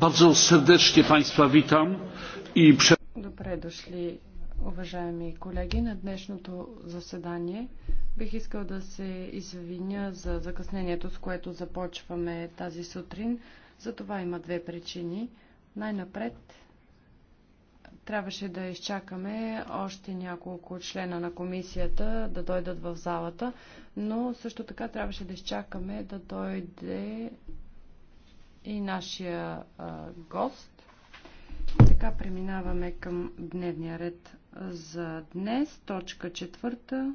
Bardzo serdecznie Państwa witam i Добре дошли, уважаеми колеги, на днешното заседание. Бих искал да се извиня за закъснението, с което започваме тази сутрин. За това има две причини. Най-напред трябваше да изчакаме още няколко члена на комисията да дойдат в залата, но също така трябваше да изчакаме да дойде и нашия а, гост. Така преминаваме към дневния ред за днес. Точка четвърта.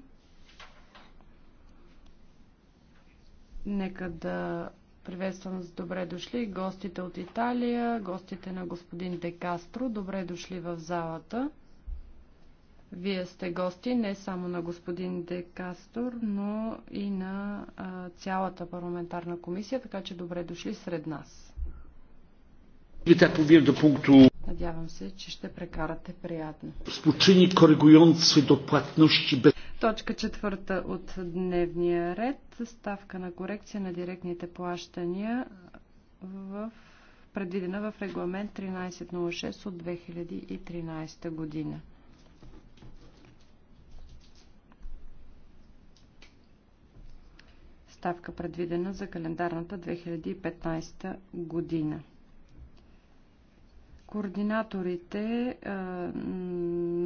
Нека да приветствам с добре дошли гостите от Италия, гостите на господин Декастро. Добре дошли в залата. Вие сте гости не само на господин Де Кастор, но и на а, цялата парламентарна комисия, така че добре дошли сред нас. Надявам се, че ще прекарате приятно. Спочини коригуjący до платнощи без... Точка четвърта от дневния ред. Ставка на корекция на директните плащания в предвидена в регламент 1306 от 2013 година. ставка предвидена за календарната 2015 година. Координаторите а, е,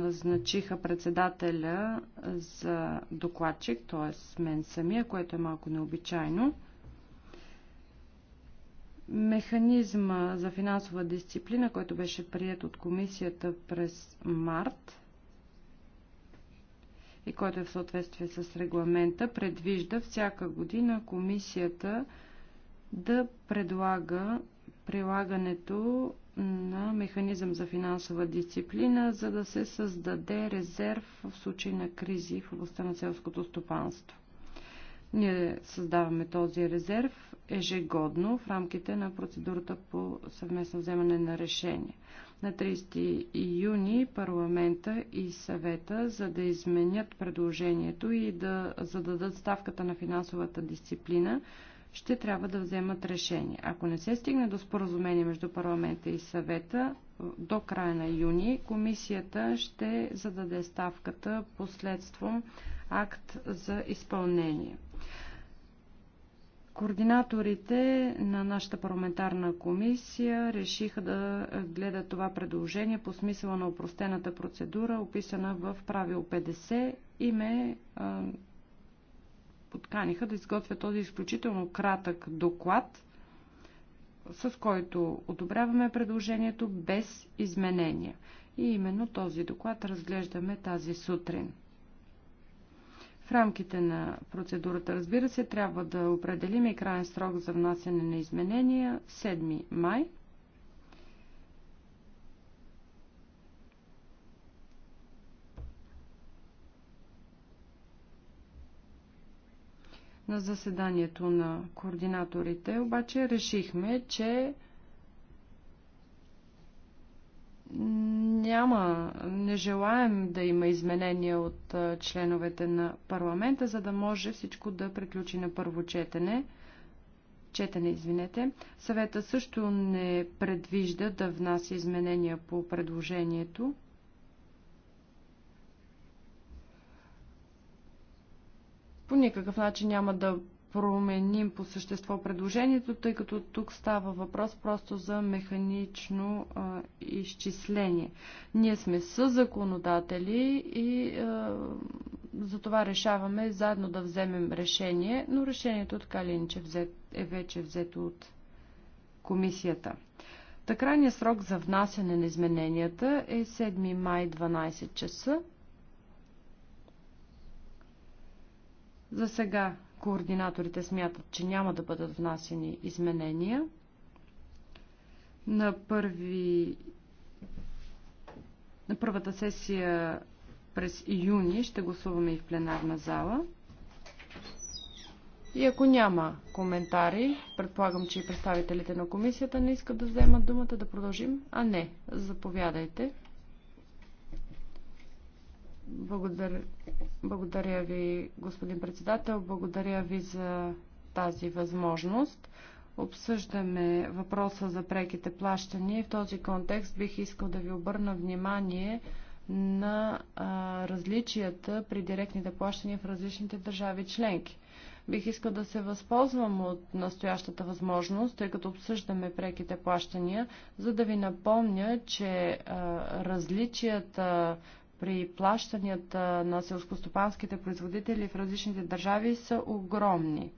назначиха председателя за докладчик, т.е. мен самия, което е малко необичайно. Механизма за финансова дисциплина, който беше прият от комисията през март и който е в съответствие с регламента, предвижда всяка година комисията да предлага прилагането на механизъм за финансова дисциплина, за да се създаде резерв в случай на кризи в областта на селското стопанство. Ние създаваме този резерв ежегодно в рамките на процедурата по съвместно вземане на решение на 30 юни парламента и съвета, за да изменят предложението и да зададат ставката на финансовата дисциплина, ще трябва да вземат решение. Ако не се стигне до споразумение между парламента и съвета, до края на юни комисията ще зададе ставката последством акт за изпълнение. Координаторите на нашата парламентарна комисия решиха да гледат това предложение по смисъла на упростената процедура, описана в правил 50 и ме а, подканиха да изготвя този изключително кратък доклад, с който одобряваме предложението без изменения. И именно този доклад разглеждаме тази сутрин. В рамките на процедурата, разбира се, трябва да определим и крайен срок за внасяне на изменения 7 май. На заседанието на координаторите обаче решихме, че няма, не желаем да има изменения от членовете на парламента, за да може всичко да приключи на първо четене. Четене, извинете. Съвета също не предвижда да внася изменения по предложението. По никакъв начин няма да променим по същество предложението, тъй като тук става въпрос просто за механично а, изчисление. Ние сме с законодатели и а, за това решаваме заедно да вземем решение, но решението така ли е вече взето от комисията. Та крайният срок за внасяне на измененията е 7 май 12 часа. За сега координаторите смятат, че няма да бъдат внасени изменения. На, първи, на първата сесия през июни ще гласуваме и в пленарна зала. И ако няма коментари, предполагам, че и представителите на комисията не искат да вземат думата, да продължим. А не, заповядайте. Благодаря, благодаря ви, господин председател. Благодаря ви за тази възможност. Обсъждаме въпроса за преките плащания. В този контекст бих искал да ви обърна внимание на а, различията при директните плащания в различните държави членки. Бих искал да се възползвам от настоящата възможност, тъй като обсъждаме преките плащания, за да ви напомня, че а, различията при плащанията на селскостопанските производители в различните държави са огромни.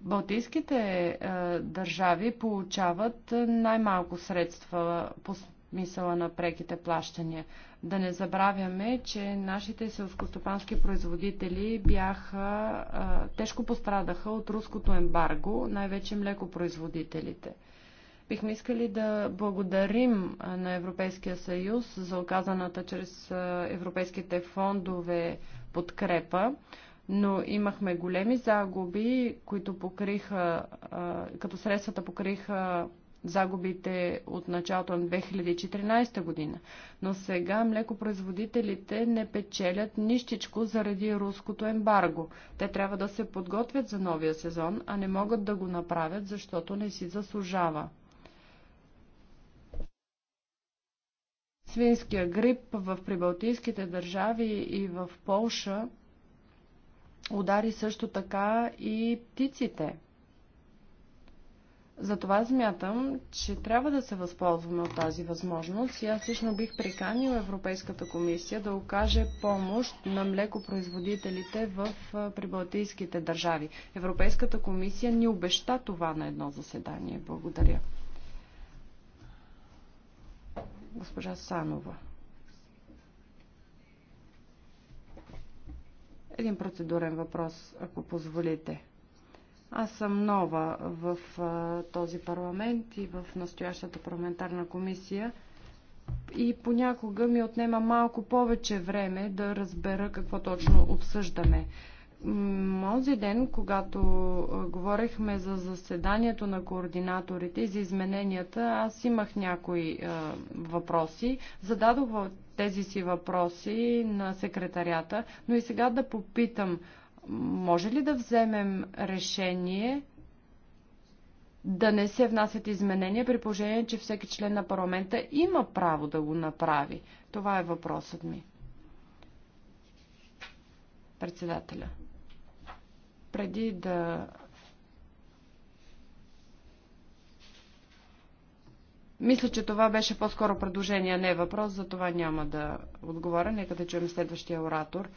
Балтийските е, държави получават най-малко средства по смисъла на преките плащания. Да не забравяме, че нашите селскостопански производители бяха, е, тежко пострадаха от руското ембарго, най-вече млекопроизводителите. Бихме искали да благодарим на Европейския съюз за оказаната чрез европейските фондове подкрепа, но имахме големи загуби, които покриха, като средствата покриха загубите от началото на 2014 година. Но сега млекопроизводителите не печелят нищичко заради руското ембарго. Те трябва да се подготвят за новия сезон, а не могат да го направят, защото не си заслужава. свинския грип в прибалтийските държави и в Полша удари също така и птиците. Затова смятам, че трябва да се възползваме от тази възможност и аз лично бих приканил Европейската комисия да окаже помощ на млекопроизводителите в прибалтийските държави. Европейската комисия ни обеща това на едно заседание. Благодаря госпожа Санова. Един процедурен въпрос, ако позволите. Аз съм нова в а, този парламент и в настоящата парламентарна комисия и понякога ми отнема малко повече време да разбера какво точно обсъждаме. Мози ден, когато говорихме за заседанието на координаторите и за измененията, аз имах някои е, въпроси. Зададох тези си въпроси на секретарята, но и сега да попитам, може ли да вземем решение да не се внасят изменения при положение, че всеки член на парламента има право да го направи? Това е въпросът ми. Председателя. Преди да Мисля, че това беше по-скоро предложение, не въпрос, за това няма да отговоря. Нека да чуем следващия оратор.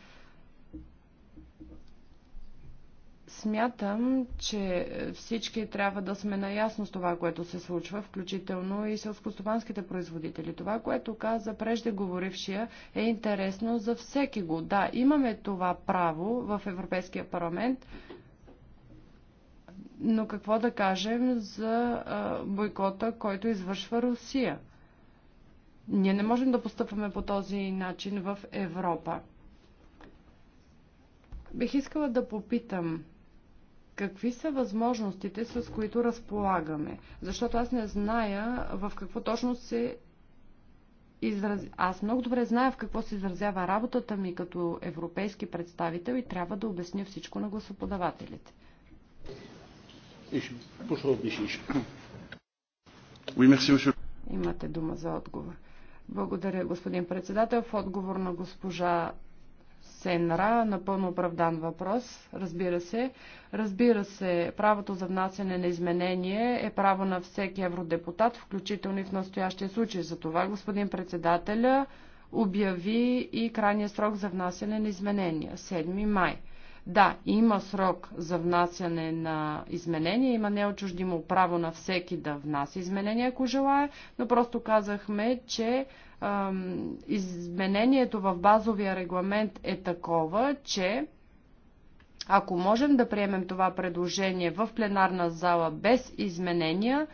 Смятам, че всички трябва да сме наясно с това, което се случва, включително и селскостопанските производители. Това, което каза преждеговорившия, е интересно за всеки го. Да, имаме това право в Европейския парламент, но какво да кажем за бойкота, който извършва Русия? Ние не можем да постъпваме по този начин в Европа. Бих искала да попитам какви са възможностите, с които разполагаме? Защото аз не зная в какво точно се израз... Аз много добре зная в какво се изразява работата ми като европейски представител и трябва да обясня всичко на гласоподавателите. Имате дума за отговор. Благодаря, господин председател. В отговор на госпожа Сенра, напълно оправдан въпрос, разбира се. Разбира се, правото за внасяне на изменение е право на всеки евродепутат, включително и в настоящия случай. За това господин председателя обяви и крайния срок за внасяне на изменения – 7 май. Да, има срок за внасяне на изменения, има неочуждимо право на всеки да внася изменения, ако желая, но просто казахме, че ам, изменението в базовия регламент е такова, че ако можем да приемем това предложение в пленарна зала без изменения,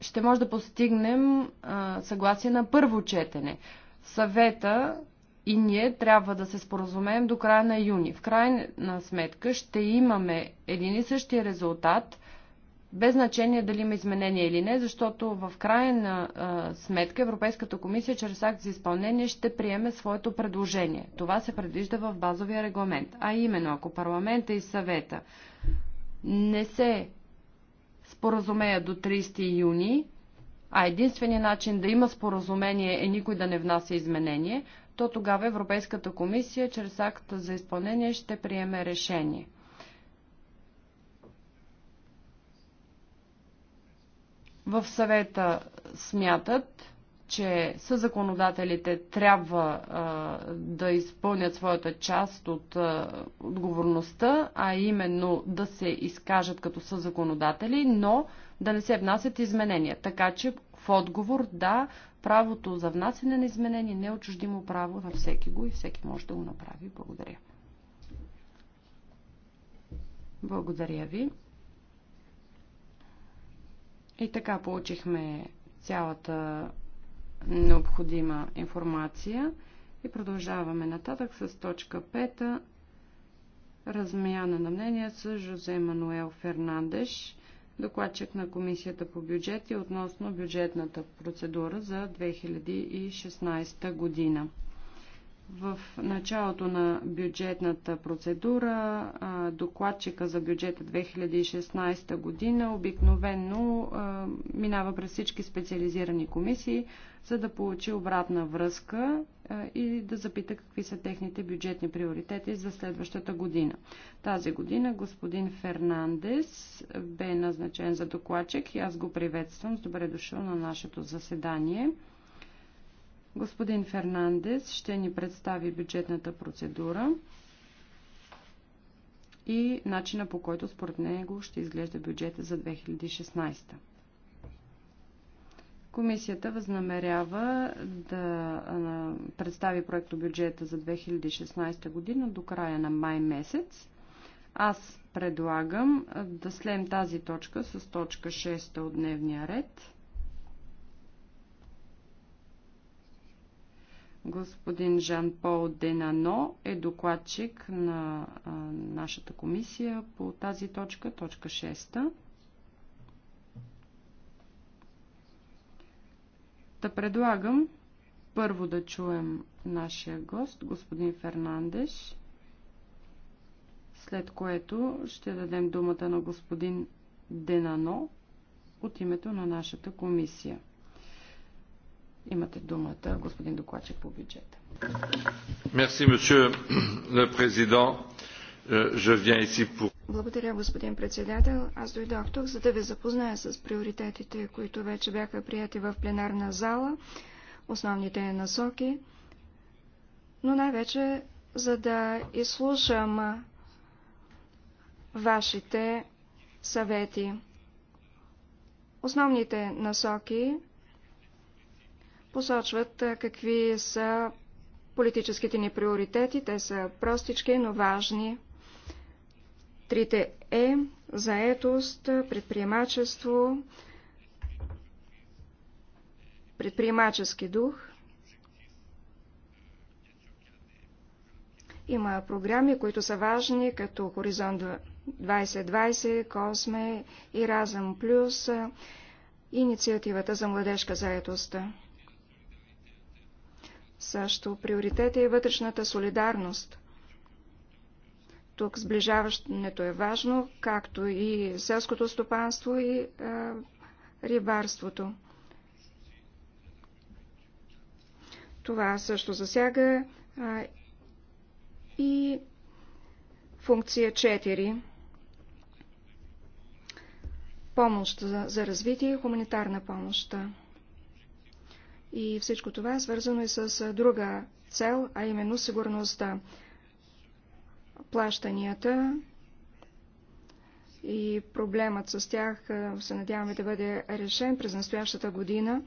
ще може да постигнем а, съгласие на първо четене. Съвета и ние трябва да се споразумеем до края на юни. В крайна сметка ще имаме един и същия резултат, без значение дали има изменение или не, защото в крайна а, сметка Европейската комисия чрез акт за изпълнение ще приеме своето предложение. Това се предвижда в базовия регламент. А именно, ако парламента и съвета не се споразумеят до 30 юни, а единственият начин да има споразумение е никой да не внася изменение, то тогава Европейската комисия чрез акта за изпълнение ще приеме решение. В съвета смятат, че съзаконодателите трябва а, да изпълнят своята част от а, отговорността, а именно да се изкажат като съзаконодатели, но да не се внасят изменения. Така че отговор, да, правото за внасяне на изменение не е отчуждимо право на всеки го и всеки може да го направи. Благодаря. Благодаря ви. И така получихме цялата необходима информация и продължаваме нататък с точка 5. Размяна на мнения с Жозе Мануел Фернандеш докладчик на Комисията по бюджет и е относно бюджетната процедура за 2016 година. В началото на бюджетната процедура докладчика за бюджета 2016 година обикновенно минава през всички специализирани комисии, за да получи обратна връзка и да запита какви са техните бюджетни приоритети за следващата година. Тази година господин Фернандес бе назначен за докладчик и аз го приветствам. С добре дошъл на нашето заседание. Господин Фернандес ще ни представи бюджетната процедура и начина по който според него ще изглежда бюджета за 2016. Комисията възнамерява да представи проекто бюджета за 2016 година до края на май месец. Аз предлагам да слем тази точка с точка 6 от дневния ред – Господин Жан-Пол Денано е докладчик на нашата комисия по тази точка, точка 6. Та предлагам първо да чуем нашия гост, господин Фернандеш, след което ще дадем думата на господин Денано от името на нашата комисия. Имате думата, господин докладчик по бюджета. Euh, Благодаря, господин председател. Аз дойдох тук, за да ви запозная с приоритетите, които вече бяха прияти в пленарна зала, основните насоки, но най-вече за да изслушам вашите съвети. Основните насоки посочват какви са политическите ни приоритети. Те са простички, но важни. Трите Е – заетост, предприемачество, предприемачески дух. Има програми, които са важни, като Хоризонт 2020, Косме и Разъм Плюс, инициативата за младежка заетост. Също приоритет е и вътрешната солидарност. Тук сближаването е важно, както и селското стопанство и а, е, рибарството. Това също засяга а, е, и функция 4 помощ за, за развитие и хуманитарна помощ. И всичко това е свързано и с друга цел, а именно сигурността. Плащанията и проблемът с тях се надяваме да бъде решен през настоящата година.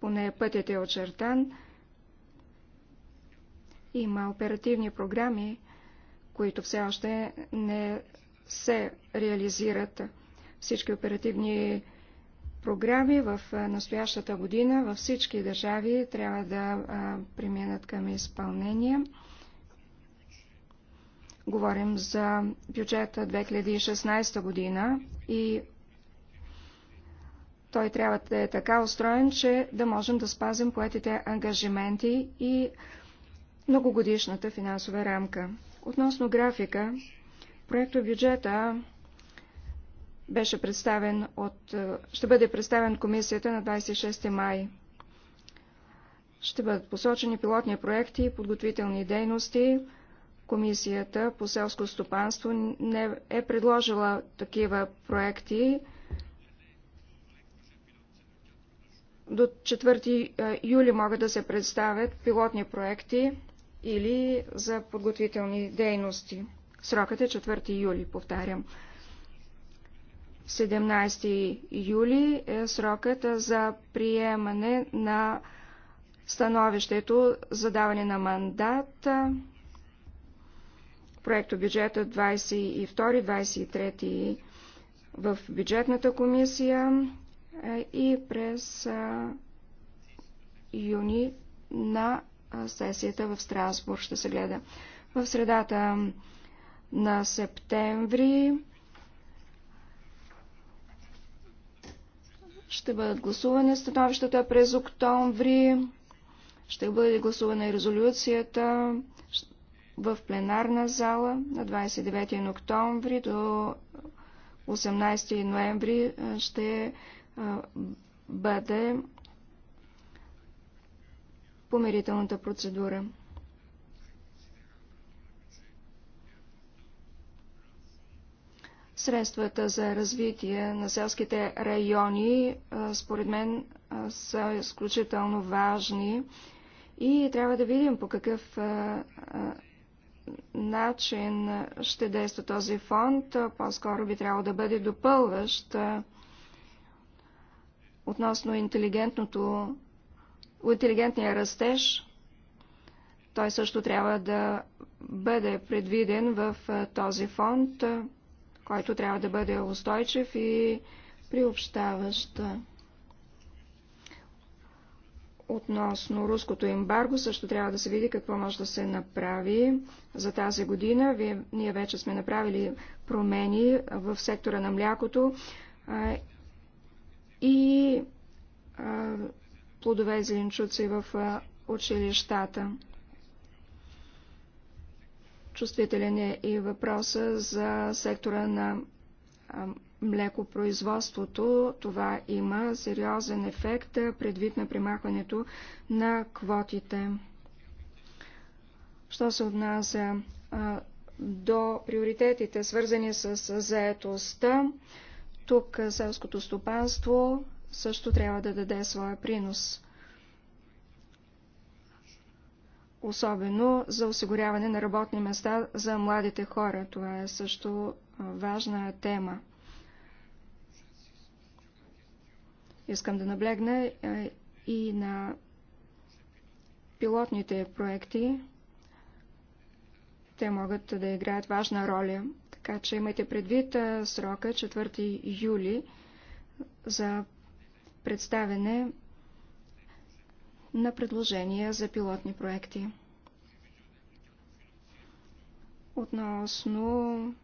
Поне пътят е очертан. Има оперативни програми, които все още не се реализират. Всички оперативни програми в настоящата година във всички държави трябва да преминат към изпълнение. Говорим за бюджета 2016 година и той трябва да е така устроен, че да можем да спазим поетите ангажименти и многогодишната финансова рамка. Относно графика, проекто бюджета беше представен от, е, ще бъде представен комисията на 26 май. Ще бъдат посочени пилотни проекти, подготвителни дейности. Комисията по селско стопанство не е предложила такива проекти до 4 е, юли могат да се представят пилотни проекти или за подготвителни дейности. Срокът е 4 юли, повтарям. 17 юли е срокът за приемане на становището за даване на мандат. Проекто бюджета 22-23 в бюджетната комисия е, и през е, юни на е, сесията в Страсбург ще се гледа. В средата на септември Ще бъдат гласувани становищата през октомври. Ще бъде гласувана и резолюцията в пленарна зала на 29 октомври до 18 ноември ще бъде помирителната процедура. Средствата за развитие на селските райони, според мен, са изключително важни и трябва да видим по какъв начин ще действа този фонд. По-скоро би трябвало да бъде допълващ относно интелигентното, интелигентния растеж. Той също трябва да бъде предвиден в този фонд който трябва да бъде устойчив и приобщаващ. Относно руското ембарго също трябва да се види какво може да се направи за тази година. Вие, ние вече сме направили промени в сектора на млякото а, и а, плодове и зеленчуци в а, училищата. Чувствителен е и въпроса за сектора на млекопроизводството. Това има сериозен ефект предвид на примахването на квотите. Що се отнася до приоритетите, свързани с заетостта, тук селското стопанство също трябва да даде своя принос. особено за осигуряване на работни места за младите хора. Това е също важна тема. Искам да наблегна и на пилотните проекти. Те могат да играят важна роля. Така че имайте предвид срока 4 юли за представене на предложения за пилотни проекти. Относно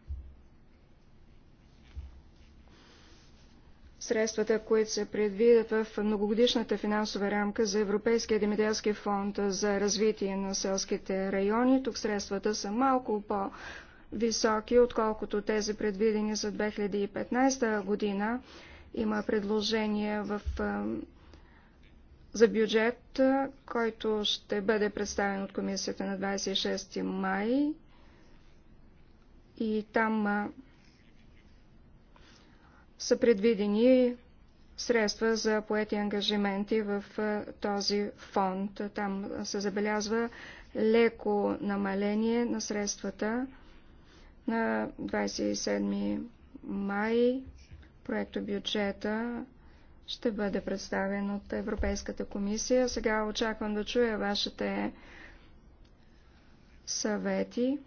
средствата, които се предвидят в многогодишната финансова рамка за Европейския демиделски фонд за развитие на селските райони. Тук средствата са малко по- високи, отколкото тези предвидени за 2015 година. Има предложение в за бюджет, който ще бъде представен от комисията на 26 май. И там са предвидени средства за поети ангажименти в този фонд. Там се забелязва леко намаление на средствата на 27 май проекто бюджета ще бъде представен от Европейската комисия. Сега очаквам да чуя вашите съвети,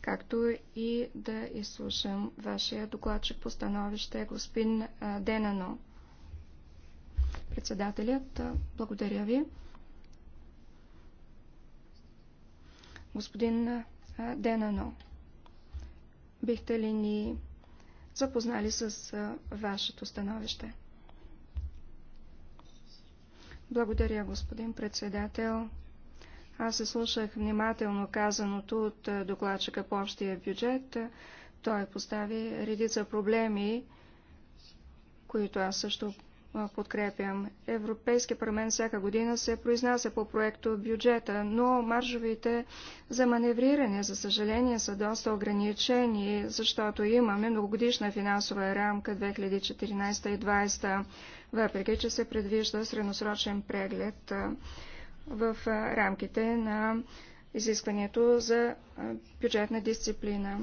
както и да изслушам вашия докладчик по становище, господин Денано. Председателят, благодаря ви. Господин Денано, бихте ли ни запознали с вашето становище? Благодаря, господин председател. Аз се слушах внимателно казаното от е, докладчика по общия бюджет. Той постави редица проблеми, които аз също е, подкрепям. Европейския парламент всяка година се произнася по проекто бюджета, но маржовите за маневриране, за съжаление, са доста ограничени, защото имаме многогодишна финансова рамка 2014 и 2020 въпреки че се предвижда средносрочен преглед в рамките на изискването за бюджетна дисциплина.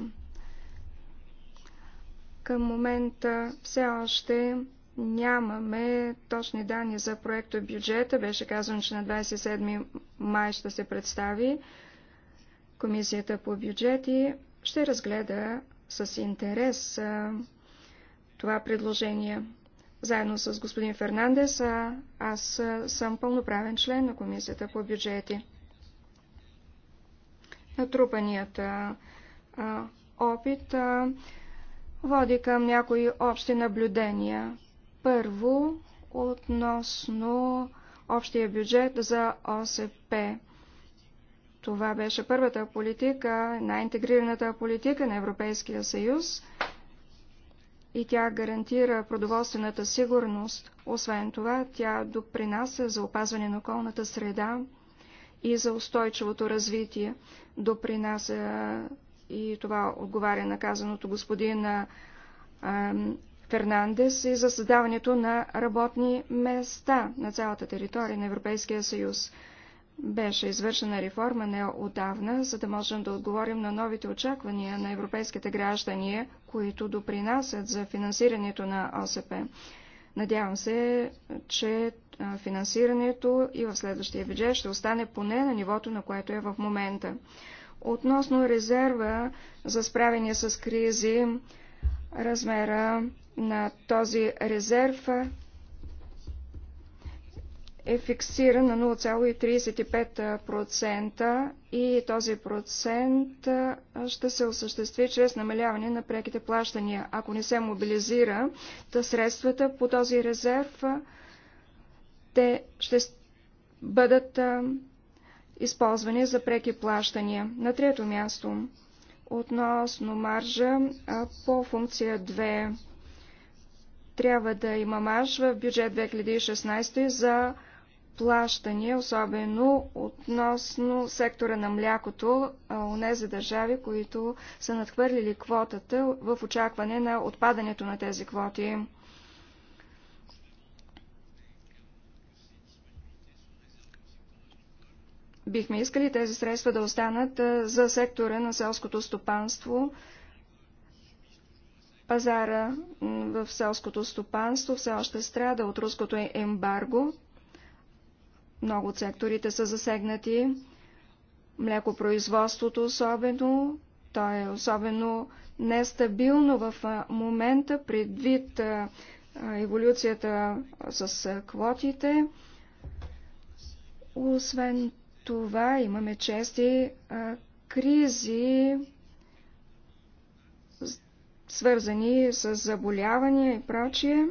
Към момента все още нямаме точни данни за проекта бюджета. Беше казано, че на 27 май ще се представи Комисията по бюджети. Ще разгледа с интерес това предложение. Заедно с господин Фернандес, аз съм пълноправен член на Комисията по бюджети. Натрупаният опит води към някои общи наблюдения. Първо, относно общия бюджет за ОСП. Това беше първата политика, най-интегрираната политика на Европейския съюз – и тя гарантира продоволствената сигурност. Освен това, тя допринася за опазване на околната среда и за устойчивото развитие. Допринася и това отговаря на казаното господин Фернандес и за създаването на работни места на цялата територия на Европейския съюз. Беше извършена реформа не отдавна, за да можем да отговорим на новите очаквания на европейските граждани, които допринасят за финансирането на ОСП. Надявам се, че финансирането и в следващия бюджет ще остане поне на нивото, на което е в момента. Относно резерва за справяне с кризи, размера на този резерв е фиксиран на 0,35% и този процент ще се осъществи чрез намаляване на преките плащания. Ако не се мобилизира да средствата по този резерв, те ще бъдат използвани за преки плащания. На трето място, относно маржа по функция 2 трябва да има марш в бюджет 2016 за плащания, особено относно сектора на млякото, онези държави, които са надхвърлили квотата в очакване на отпадането на тези квоти. Бихме искали тези средства да останат за сектора на селското стопанство. Пазара в селското стопанство все още страда от руското ембарго. Много от секторите са засегнати. Млекопроизводството особено. То е особено нестабилно в момента предвид еволюцията с квотите. Освен това имаме чести кризи, свързани с заболявания и прочие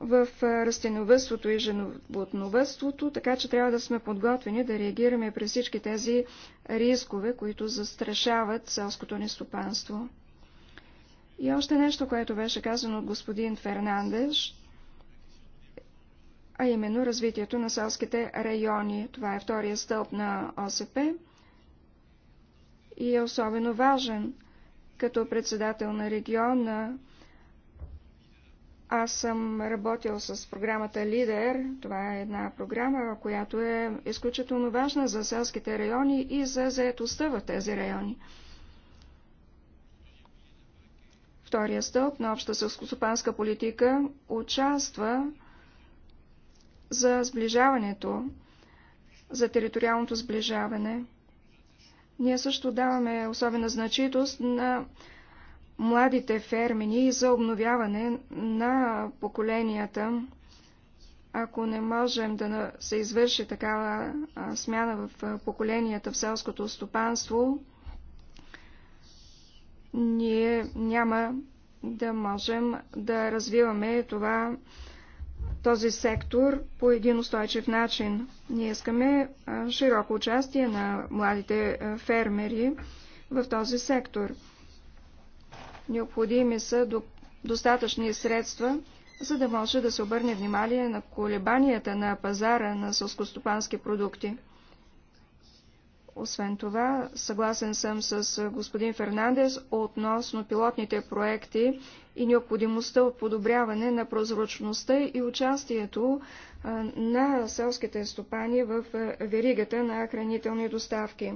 в растеновътството и животновътството, така че трябва да сме подготвени да реагираме при всички тези рискове, които застрашават селското ни стопанство. И още нещо, което беше казано от господин Фернандеш, а именно развитието на селските райони. Това е втория стълб на ОСП и е особено важен. Като председател на региона аз съм работил с програмата Лидер. Това е една програма, която е изключително важна за селските райони и за заетостта в тези райони. Втория стълб на обща селскостопанска политика участва за сближаването, за териториалното сближаване. Ние също даваме особена значителност на младите фермени и за обновяване на поколенията. Ако не можем да се извърши такава смяна в поколенията в селското стопанство, ние няма да можем да развиваме това, този сектор по един устойчив начин. Ние искаме широко участие на младите фермери в този сектор. Необходими са до, достатъчни средства, за да може да се обърне внимание на колебанията на пазара на сълскостопански продукти. Освен това, съгласен съм с господин Фернандес относно пилотните проекти и необходимостта от подобряване на прозрачността и участието на селските стопани в веригата на хранителни доставки.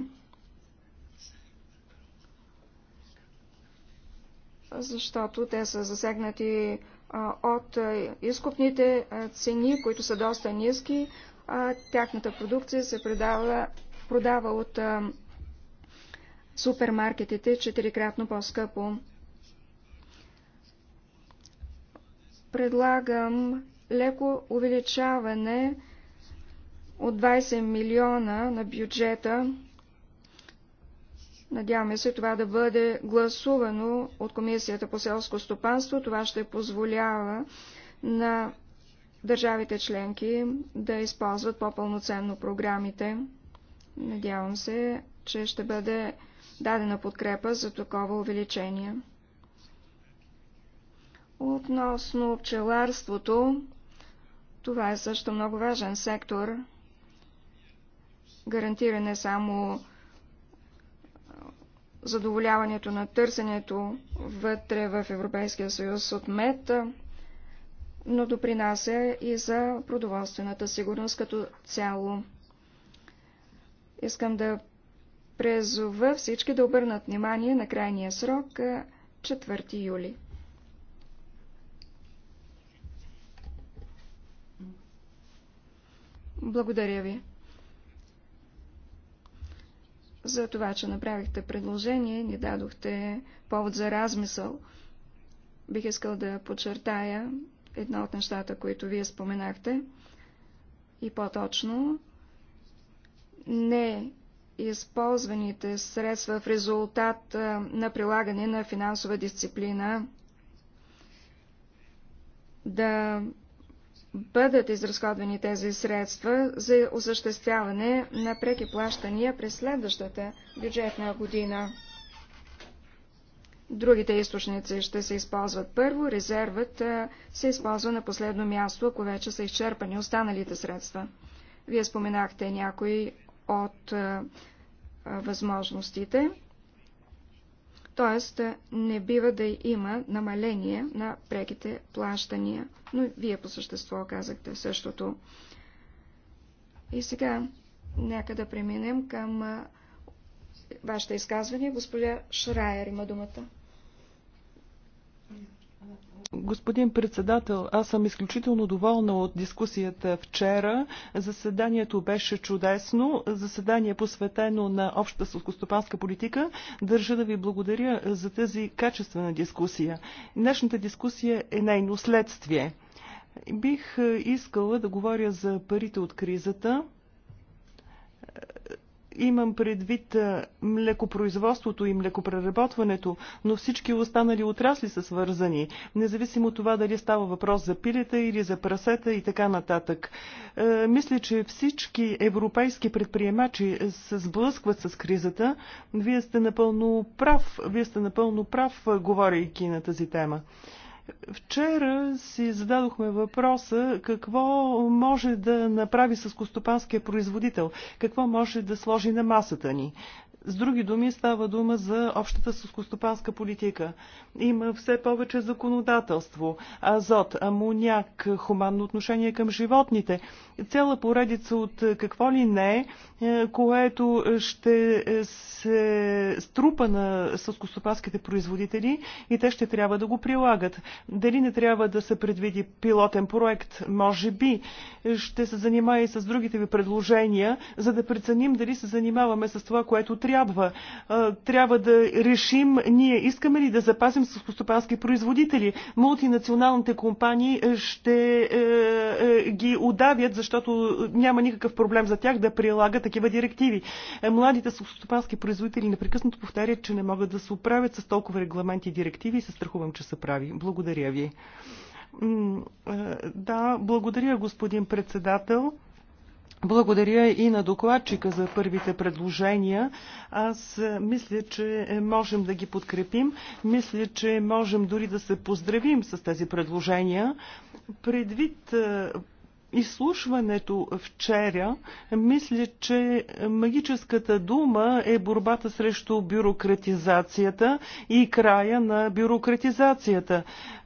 защото те са засегнати от изкупните цени, които са доста ниски. Тяхната продукция се продава, продава от супермаркетите четирикратно по-скъпо. Предлагам леко увеличаване от 20 милиона на бюджета Надяваме се това да бъде гласувано от Комисията по селско стопанство. Това ще позволява на държавите членки да използват по-пълноценно програмите. Надявам се, че ще бъде дадена подкрепа за такова увеличение. Относно пчеларството, това е също много важен сектор. Гарантиране само задоволяването на търсенето вътре в Европейския съюз от мед, но допринася и за продоволствената сигурност като цяло. Искам да презова всички да обърнат внимание на крайния срок 4 юли. Благодаря ви за това, че направихте предложение, ни дадохте повод за размисъл. Бих искал да подчертая една от нещата, които вие споменахте и по-точно не използваните средства в резултат на прилагане на финансова дисциплина да бъдат изразходвани тези средства за осъществяване на преки плащания през следващата бюджетна година. Другите източници ще се използват първо, резервът се използва на последно място, ако вече са изчерпани останалите средства. Вие споменахте някои от възможностите. Т.е. не бива да има намаление на преките плащания, но вие по същество казахте същото. И сега, нека да преминем към вашето изказване. Госпожа Шраер има думата. Господин председател, аз съм изключително доволна от дискусията вчера. Заседанието беше чудесно. Заседание посветено на общата сълскостопанска политика. Държа да ви благодаря за тази качествена дискусия. Днешната дискусия е нейно следствие. Бих е, искала да говоря за парите от кризата Имам предвид млекопроизводството и млекопреработването, но всички останали отрасли са свързани, независимо от това дали става въпрос за пилета или за прасета и така нататък. Мисля, че всички европейски предприемачи се сблъскват с кризата. Вие сте напълно прав, вие сте напълно прав, говорейки на тази тема. Вчера си зададохме въпроса какво може да направи с костопанския производител, какво може да сложи на масата ни. С други думи става дума за общата сускостопанска политика. Има все повече законодателство, азот, амоняк, хуманно отношение към животните, цяла поредица от какво ли не, е, което ще се струпа на сускостопанските производители и те ще трябва да го прилагат. Дали не трябва да се предвиди пилотен проект? Може би. Ще се занимава и с другите ви предложения, за да преценим дали се занимаваме с това, което трябва трябва. Трябва да решим, ние искаме ли да запазим сълскостопански производители. Мултинационалните компании ще ги удавят, защото няма никакъв проблем за тях да прилагат такива директиви. Младите сълскостопански производители непрекъснато повтарят, че не могат да се оправят с толкова регламенти и директиви и се страхувам, че са прави. Благодаря ви. Да, благодаря, господин председател. Благодаря и на докладчика за първите предложения. Аз е, мисля, че можем да ги подкрепим. Мисля, че можем дори да се поздравим с тези предложения. Предвид е, изслушването вчера, мисля, че магическата дума е борбата срещу бюрократизацията и края на бюрократизацията.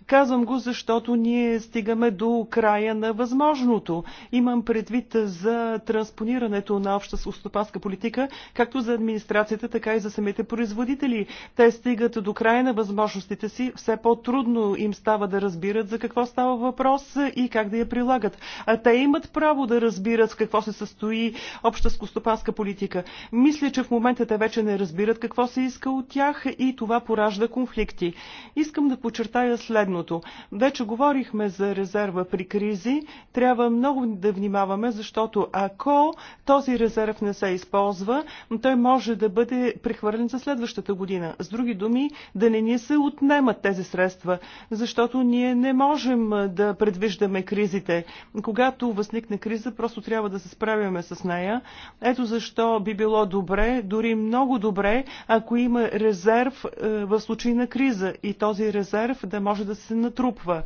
Казвам го, защото ние стигаме до края на възможното. Имам предвид за транспонирането на обща стопанска политика, както за администрацията, така и за самите производители. Те стигат до края на възможностите си, все по-трудно им става да разбират за какво става въпрос и как да я прилагат. А те имат право да разбират какво се състои обща стопанска политика. Мисля, че в момента те вече не разбират какво се иска от тях и това поражда конфликти. Искам да подчертая следно следното. Вече говорихме за резерва при кризи. Трябва много да внимаваме, защото ако този резерв не се използва, той може да бъде прехвърлен за следващата година. С други думи, да не ни се отнемат тези средства, защото ние не можем да предвиждаме кризите. Когато възникне криза, просто трябва да се справяме с нея. Ето защо би било добре, дори много добре, ако има резерв в случай на криза и този резерв да може да се се натрупва.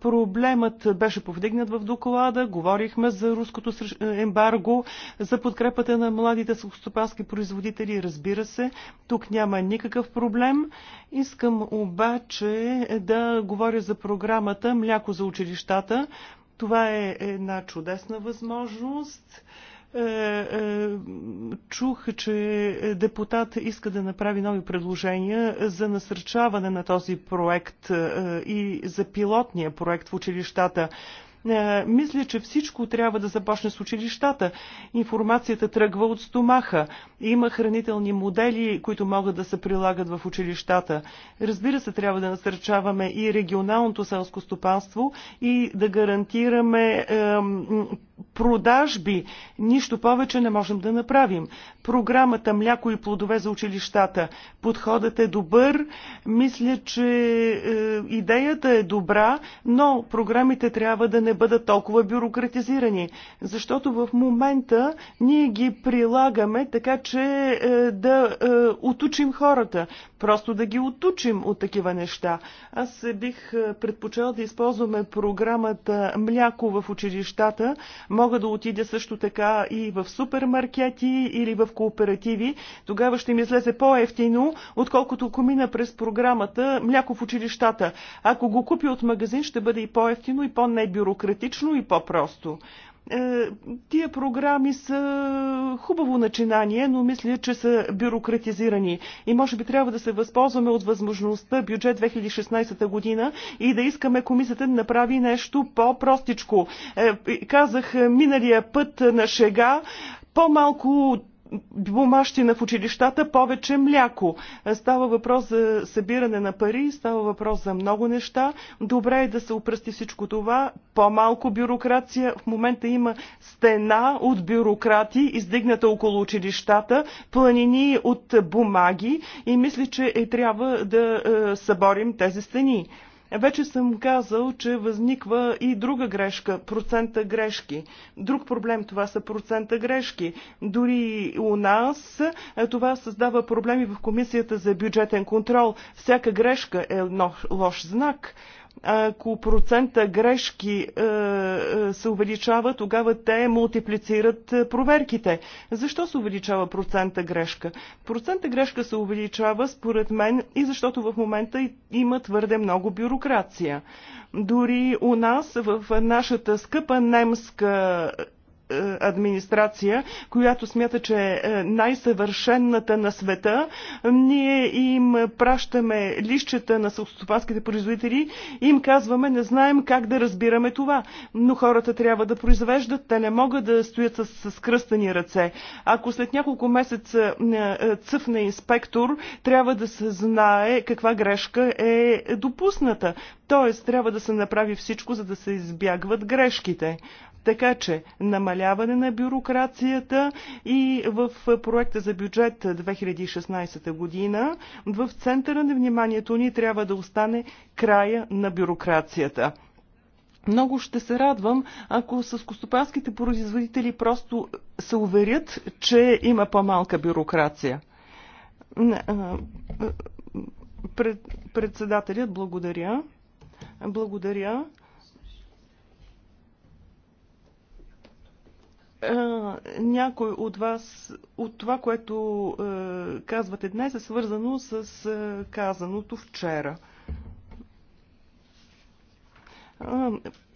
Проблемът беше повдигнат в доклада, говорихме за руското ембарго, за подкрепата на младите сухостопански производители, разбира се, тук няма никакъв проблем. Искам обаче да говоря за програмата Мляко за училищата. Това е една чудесна възможност е, е, чух, че депутат иска да направи нови предложения за насърчаване на този проект е, и за пилотния проект в училищата. Е, мисля, че всичко трябва да започне с училищата. Информацията тръгва от стомаха. Има хранителни модели, които могат да се прилагат в училищата. Разбира се, трябва да насърчаваме и регионалното селско стопанство и да гарантираме е, продажби. Нищо повече не можем да направим. Програмата Мляко и плодове за училищата. Подходът е добър. Мисля, че е, идеята е добра, но програмите трябва да не не бъдат толкова бюрократизирани. Защото в момента ние ги прилагаме така, че е, да отучим е, хората. Просто да ги отучим от такива неща. Аз бих е, предпочел да използваме програмата Мляко в училищата. Мога да отидя също така и в супермаркети или в кооперативи. Тогава ще ми излезе по-ефтино, отколкото комина през програмата Мляко в училищата. Ако го купи от магазин, ще бъде и по-ефтино и по-небюрократично по-демократично и по-просто. Е, тия програми са хубаво начинание, но мисля, че са бюрократизирани. И може би трябва да се възползваме от възможността бюджет 2016 година и да искаме комисията да направи нещо по-простичко. Е, казах е, миналия път на шега, по-малко бумащина в училищата, повече мляко. Става въпрос за събиране на пари, става въпрос за много неща. Добре е да се опръсти всичко това. По-малко бюрокрация. В момента има стена от бюрократи, издигната около училищата, планини от бумаги и мисля, че е, трябва да е, съборим тези стени. Вече съм казал, че възниква и друга грешка – процента грешки. Друг проблем – това са процента грешки. Дори у нас това създава проблеми в Комисията за бюджетен контрол. Всяка грешка е лош знак. Ако процента грешки е, е, се увеличава, тогава те мултиплицират е, проверките. Защо се увеличава процента грешка? Процента грешка се увеличава, според мен, и защото в момента има твърде много бюрокрация. Дори у нас, в нашата скъпа немска е, администрация, която смята, че е, е най-съвършенната на света. Ние им пращаме лищета на селстопанските производители и им казваме, не знаем как да разбираме това. Но хората трябва да произвеждат, те не могат да стоят с, с кръстени ръце. Ако след няколко месеца е, цъфне инспектор, трябва да се знае каква грешка е допусната. Т.е. трябва да се направи всичко, за да се избягват грешките. Така че намаляване на бюрокрацията и в проекта за бюджет 2016 година в центъра на вниманието ни трябва да остане края на бюрокрацията. Много ще се радвам, ако съскостопанските производители просто се уверят, че има по-малка бюрокрация. Председателят благодаря. Благодаря. някой от вас, от това, което е, казвате днес, е свързано с казаното вчера.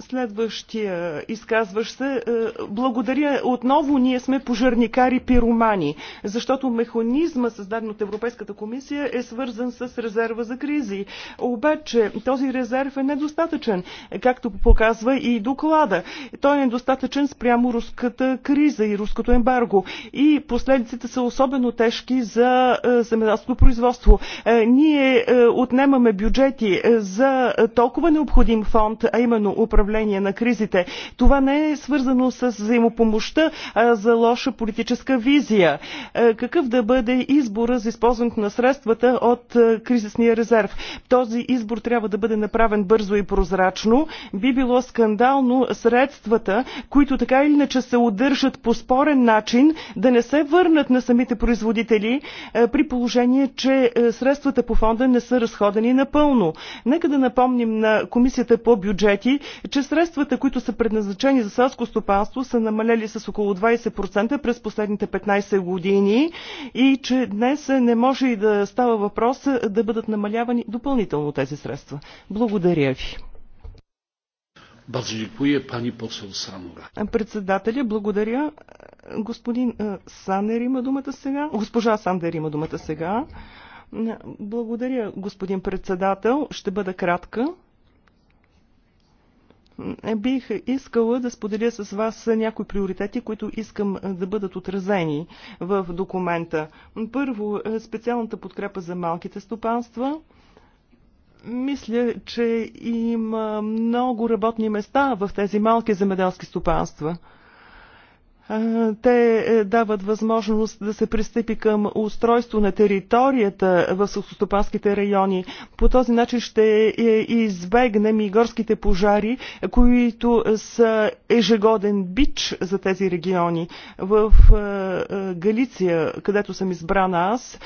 Следващия изказващ се. Е, благодаря. Отново ние сме пожарникари пиромани, защото механизма, създаден от Европейската комисия, е свързан с резерва за кризи. Обаче този резерв е недостатъчен, както показва и доклада. Той е недостатъчен спрямо руската криза и руското ембарго. И последиците са особено тежки за е, земеделското производство. Е, ние отнемаме бюджети за толкова необходим фонд, а именно управление на кризите. Това не е свързано с взаимопомощта, а за лоша политическа визия. Какъв да бъде избора за използването на средствата от кризисния резерв? Този избор трябва да бъде направен бързо и прозрачно. Би било скандално средствата, които така или иначе се удържат по спорен начин, да не се върнат на самите производители, при положение, че средствата по фонда не са разходени напълно. Нека да напомним на Комисията по бюджет, бюджети, че средствата, които са предназначени за селско стопанство, са намалели с около 20% през последните 15 години и че днес не може и да става въпрос да бъдат намалявани допълнително тези средства. Благодаря ви. Председателя, благодаря. Господин е, Санер има думата сега. Госпожа Сандер има думата сега. Благодаря, господин председател. Ще бъда кратка бих искала да споделя с вас някои приоритети, които искам да бъдат отразени в документа. Първо, специалната подкрепа за малките стопанства. Мисля, че има много работни места в тези малки земеделски стопанства. Те е, дават възможност да се пристъпи към устройство на територията в сухостопанските райони. По този начин ще е, избегнем и горските пожари, които са ежегоден бич за тези региони. В е, Галиция, където съм избрана аз,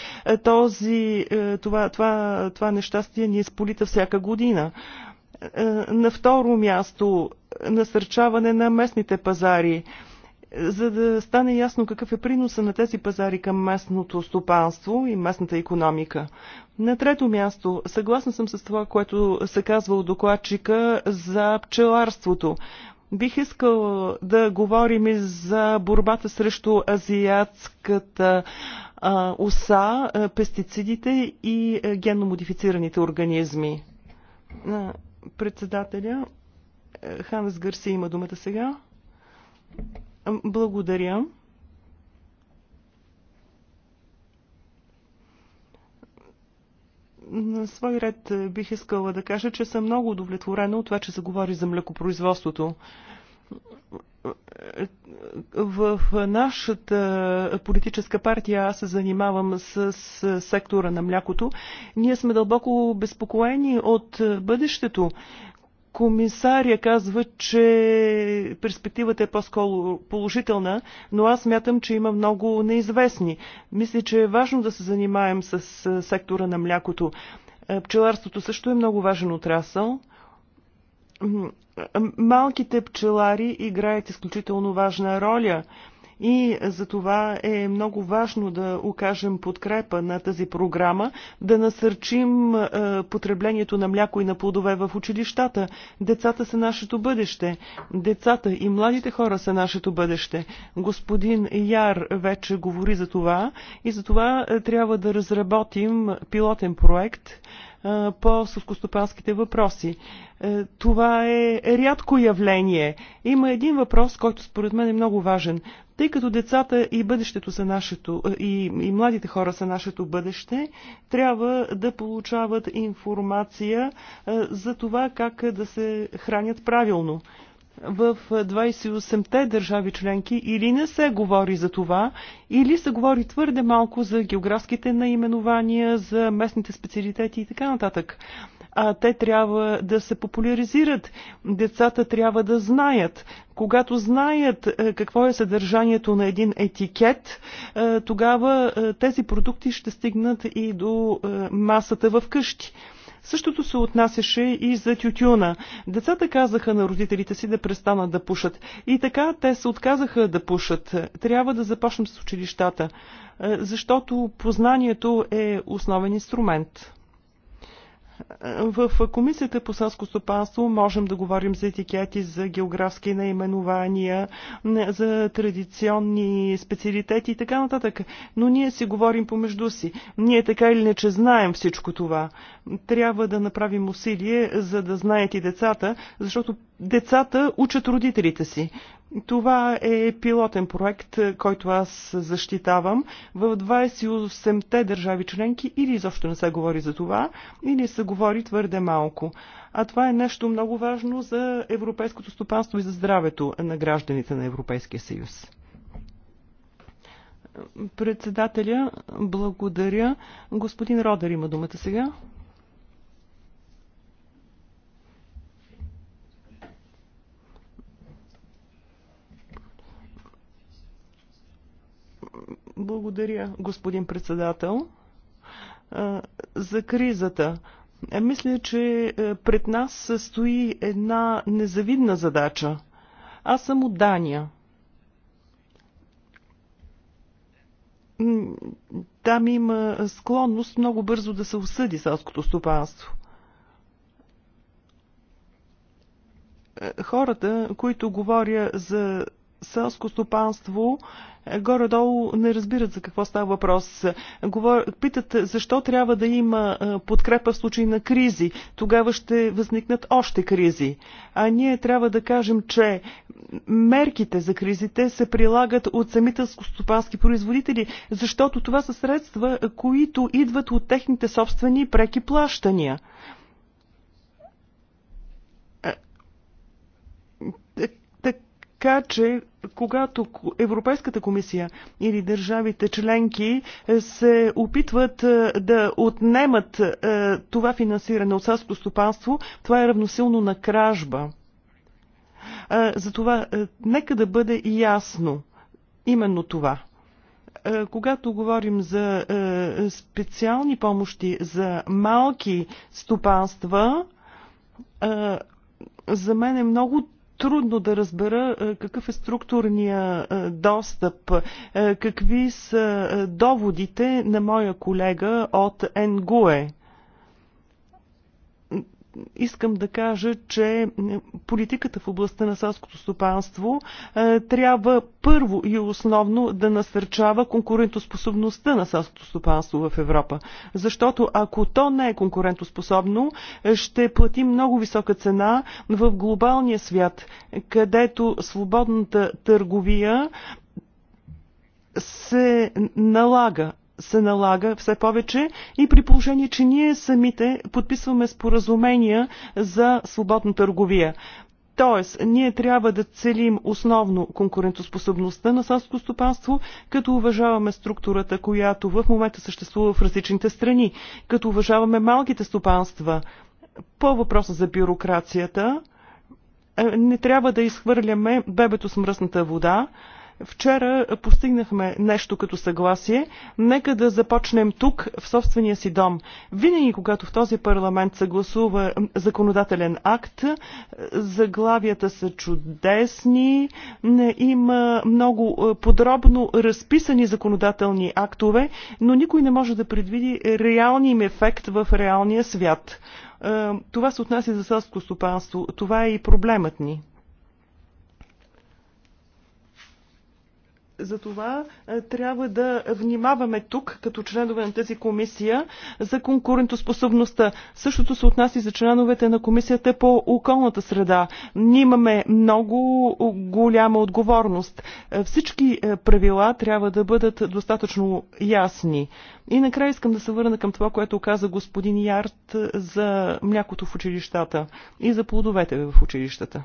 този, това, това, това нещастие ни изполита всяка година. На второ място насърчаване на местните пазари за да стане ясно какъв е приноса на тези пазари към местното стопанство и местната економика. На трето място, съгласна съм с това, което се казва от докладчика за пчеларството. Бих искал да говорим и за борбата срещу азиатската а, оса, а, пестицидите и а, генномодифицираните организми. А, председателя е, Ханес Гърси има думата сега. Благодаря. На свой ред е, бих искала да кажа, че съм много удовлетворена от това, че се говори за млекопроизводството в нашата политическа партия аз се занимавам с, сектора на млякото. Ние сме дълбоко безпокоени от бъдещето. Комисаря казва, че перспективата е по-скоро положителна, но аз мятам, че има много неизвестни. Мисля, че е важно да се занимаем с сектора на млякото. Е, пчеларството също е много важен отрасъл. Малките пчелари играят изключително важна роля – и за това е много важно да окажем подкрепа на тази програма, да насърчим е, потреблението на мляко и на плодове в училищата. Децата са нашето бъдеще. Децата и младите хора са нашето бъдеще. Господин Яр вече говори за това и за това е, трябва да разработим пилотен проект – по съвкостопанските въпроси. Е, това е рядко явление. Има един въпрос, който според мен е много важен. Тъй като децата и бъдещето са нашето, е, и, и младите хора са нашето бъдеще, трябва да получават информация е, за това как да се хранят правилно в 28-те държави членки или не се говори за това, или се говори твърде малко за географските наименования, за местните специалитети и така нататък. А те трябва да се популяризират. Децата трябва да знаят. Когато знаят е, какво е съдържанието на един етикет, е, тогава е, тези продукти ще стигнат и до масата в къщи. Същото се отнасяше и за тютюна. Децата казаха на родителите си да престанат да пушат. И така те се отказаха да пушат. Трябва да започнем с училищата, е, защото познанието е основен инструмент. В Комисията по селско стопанство можем да говорим за етикети, за географски наименования, за традиционни специалитети и така нататък. Но ние си говорим помежду си. Ние така или не, че знаем всичко това. Трябва да направим усилие, за да знаят и децата, защото децата учат родителите си. Това е пилотен проект, който аз защитавам в 28-те държави членки или изобщо не се говори за това, или се говори твърде малко. А това е нещо много важно за европейското стопанство и за здравето на гражданите на Европейския съюз. Председателя, благодаря. Господин Родер има думата сега. Благодаря, господин председател. За кризата. Е, мисля, че е, пред нас стои една незавидна задача. Аз съм от Дания. Там има склонност много бързо да се осъди селското стопанство. Е, хората, които говоря за селско стопанство е, горе-долу не разбират за какво става въпрос. Говор... Питат защо трябва да има е, подкрепа в случай на кризи. Тогава ще възникнат още кризи. А ние трябва да кажем, че мерките за кризите се прилагат от самите скостопански производители, защото това са средства, които идват от техните собствени преки плащания. Е, така че когато Европейската комисия или държавите членки е, се опитват е, да отнемат е, това финансиране от селското стопанство, това е равносилно на кражба. Затова нека да бъде ясно именно това когато говорим за специални помощи за малки стопанства, за мен е много трудно да разбера какъв е структурния достъп, какви са доводите на моя колега от НГУЕ искам да кажа, че е, политиката в областта на селското стопанство е, трябва първо и основно да насърчава конкурентоспособността на селското стопанство в Европа. Защото ако то не е конкурентоспособно, е, ще плати много висока цена в глобалния свят, където свободната търговия се налага се налага все повече и при положение, че ние самите подписваме споразумения за свободна търговия. Тоест, ние трябва да целим основно конкурентоспособността на селското стопанство, като уважаваме структурата, която в момента съществува в различните страни, като уважаваме малките стопанства. По въпроса за бюрокрацията, е, не трябва да изхвърляме бебето с мръсната вода, Вчера постигнахме нещо като съгласие. Нека да започнем тук, в собствения си дом. Винаги, когато в този парламент съгласува законодателен акт, заглавията са чудесни, има много е, подробно разписани законодателни актове, но никой не може да предвиди реалния им ефект в реалния свят. Е, това се отнася за селско стопанство. Това е и проблемът ни. Затова е, трябва да внимаваме тук, като членове на тази комисия, за конкурентоспособността. Същото се отнася и за членовете на комисията по околната среда. Ние имаме много голяма отговорност. Е, всички е, правила трябва да бъдат достатъчно ясни. И накрая искам да се върна към това, което каза господин Ярт за млякото в училищата и за плодовете в училищата.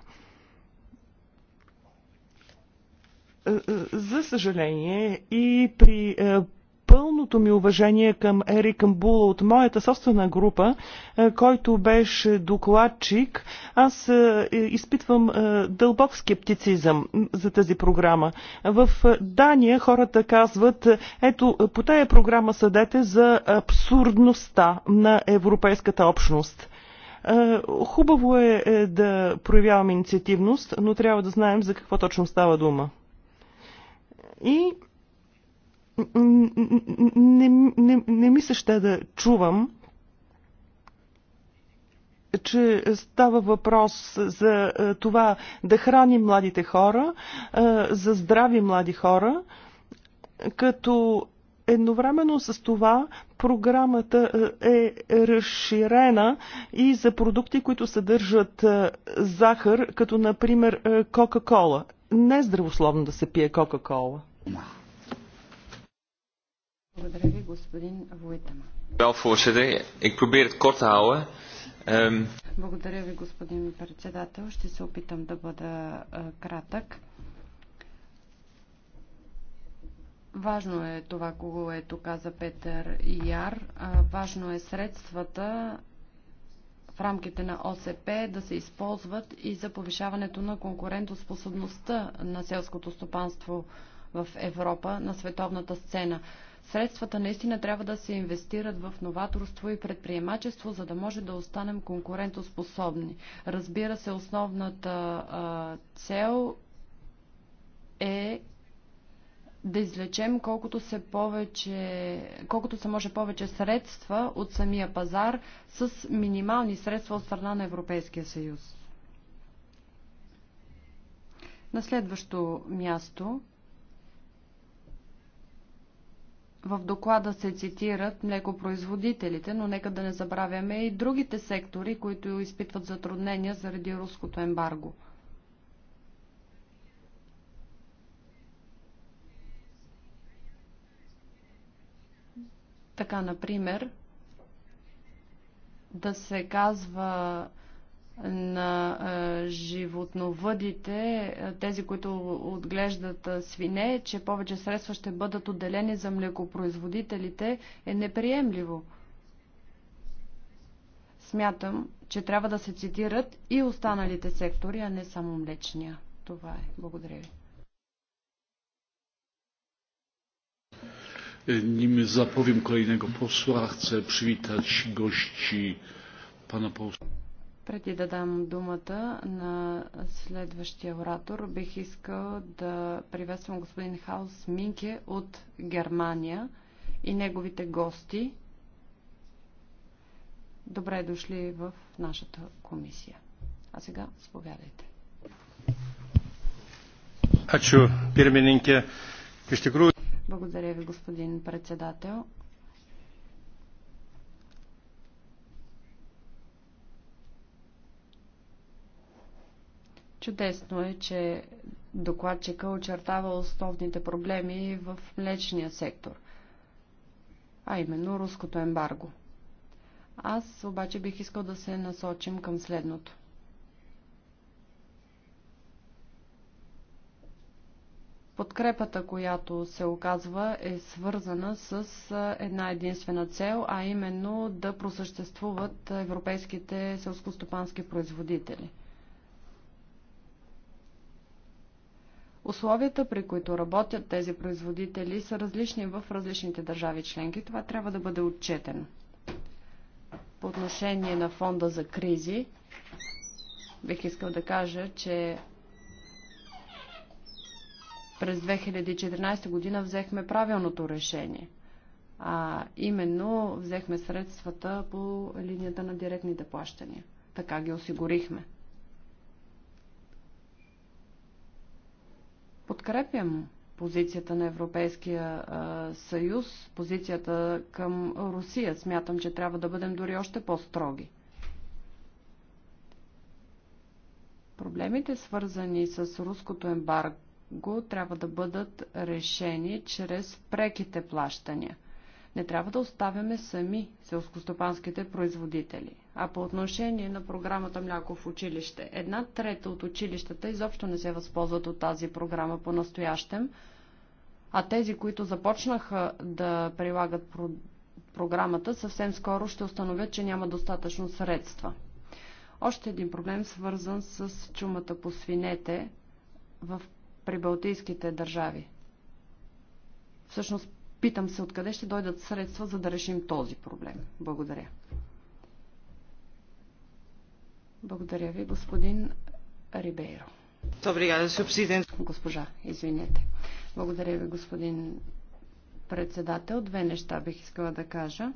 За съжаление и при е, пълното ми уважение към Ерик Мбула от моята собствена група, е, който беше докладчик, аз е, изпитвам дълбок скептицизъм за тази програма. В Дания хората казват, ето по тая програма съдете за абсурдността на Европейската общност. Хубаво е да проявявам инициативност, но трябва да знаем за какво точно става дума. И не, не, не ми се ще да чувам, че става въпрос за е, това да храним младите хора, е, за здрави млади хора, като едновременно с това програмата е, е разширена и за продукти, които съдържат захар, като например Кока-Кола. Не е здравословно да се пие Кока-Кола. Благодаря ви, господин ehm, Благодаря ви, господин председател. Ще се опитам да бъда е, кратък. Важно е това, тук каза Петър Яр. Важно е средствата в рамките на ОСП да се използват и за повишаването на конкурентоспособността на селското стопанство в Европа на световната сцена. Средствата наистина трябва да се инвестират в новаторство и предприемачество, за да може да останем конкурентоспособни. Разбира се, основната а, цел е да излечем колкото се, повече, колкото се може повече средства от самия пазар с минимални средства от страна на Европейския съюз. На следващо място В доклада се цитират млекопроизводителите, но нека да не забравяме и другите сектори, които изпитват затруднения заради руското ембарго. Така, например, да се казва на животновъдите, тези, които отглеждат свине, че повече средства ще бъдат отделени за млекопроизводителите, е неприемливо. Смятам, че трябва да се цитират и останалите сектори, а не само млечния. Това е. Благодаря ви. Nim zapowiem kolejnego posła, chcę przywitać gości pana posła. Преди да дам думата на следващия оратор, бих искал да приветствам господин Хаус Минке от Германия и неговите гости. Добре дошли в нашата комисия. А сега сповядайте. Благодаря ви, господин председател. Чудесно е, че докладчика очертава основните проблеми в млечния сектор, а именно руското ембарго. Аз обаче бих искал да се насочим към следното. Подкрепата, която се оказва, е свързана с една единствена цел, а именно да просъществуват европейските селскостопански производители – Условията, при които работят тези производители, са различни в различните държави членки. Това трябва да бъде отчетено. По отношение на фонда за кризи, бих искал да кажа, че през 2014 година взехме правилното решение. А именно взехме средствата по линията на директните плащания. Така ги осигурихме. Подкрепям позицията на Европейския съюз, позицията към Русия. Смятам, че трябва да бъдем дори още по-строги. Проблемите, свързани с руското ембарго, трябва да бъдат решени чрез преките плащания – не трябва да оставяме сами селскостопанските производители. А по отношение на програмата Мляко в училище, една трета от училищата изобщо не се възползват от тази програма по настоящем, а тези, които започнаха да прилагат про... програмата, съвсем скоро ще установят, че няма достатъчно средства. Още един проблем, свързан с чумата по свинете в прибалтийските държави. Всъщност Питам се откъде ще дойдат средства, за да решим този проблем. Благодаря. Благодаря ви, господин Рибейро. Добре, субсиден. Госпожа, извинете. Благодаря ви, господин председател. Две неща бих искала да кажа.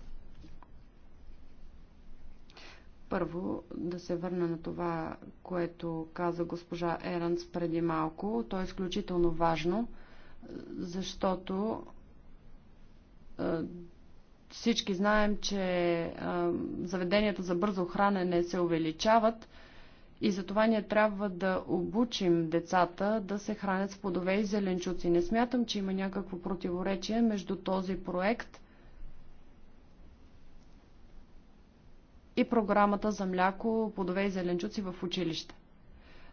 Първо, да се върна на това, което каза госпожа Еранс преди малко. То е изключително важно, защото е, всички знаем, че е, заведенията за бързо хранене се увеличават и затова ние трябва да обучим децата да се хранят с плодове и зеленчуци. Не смятам, че има някакво противоречие между този проект и програмата за мляко, плодове и зеленчуци в училище.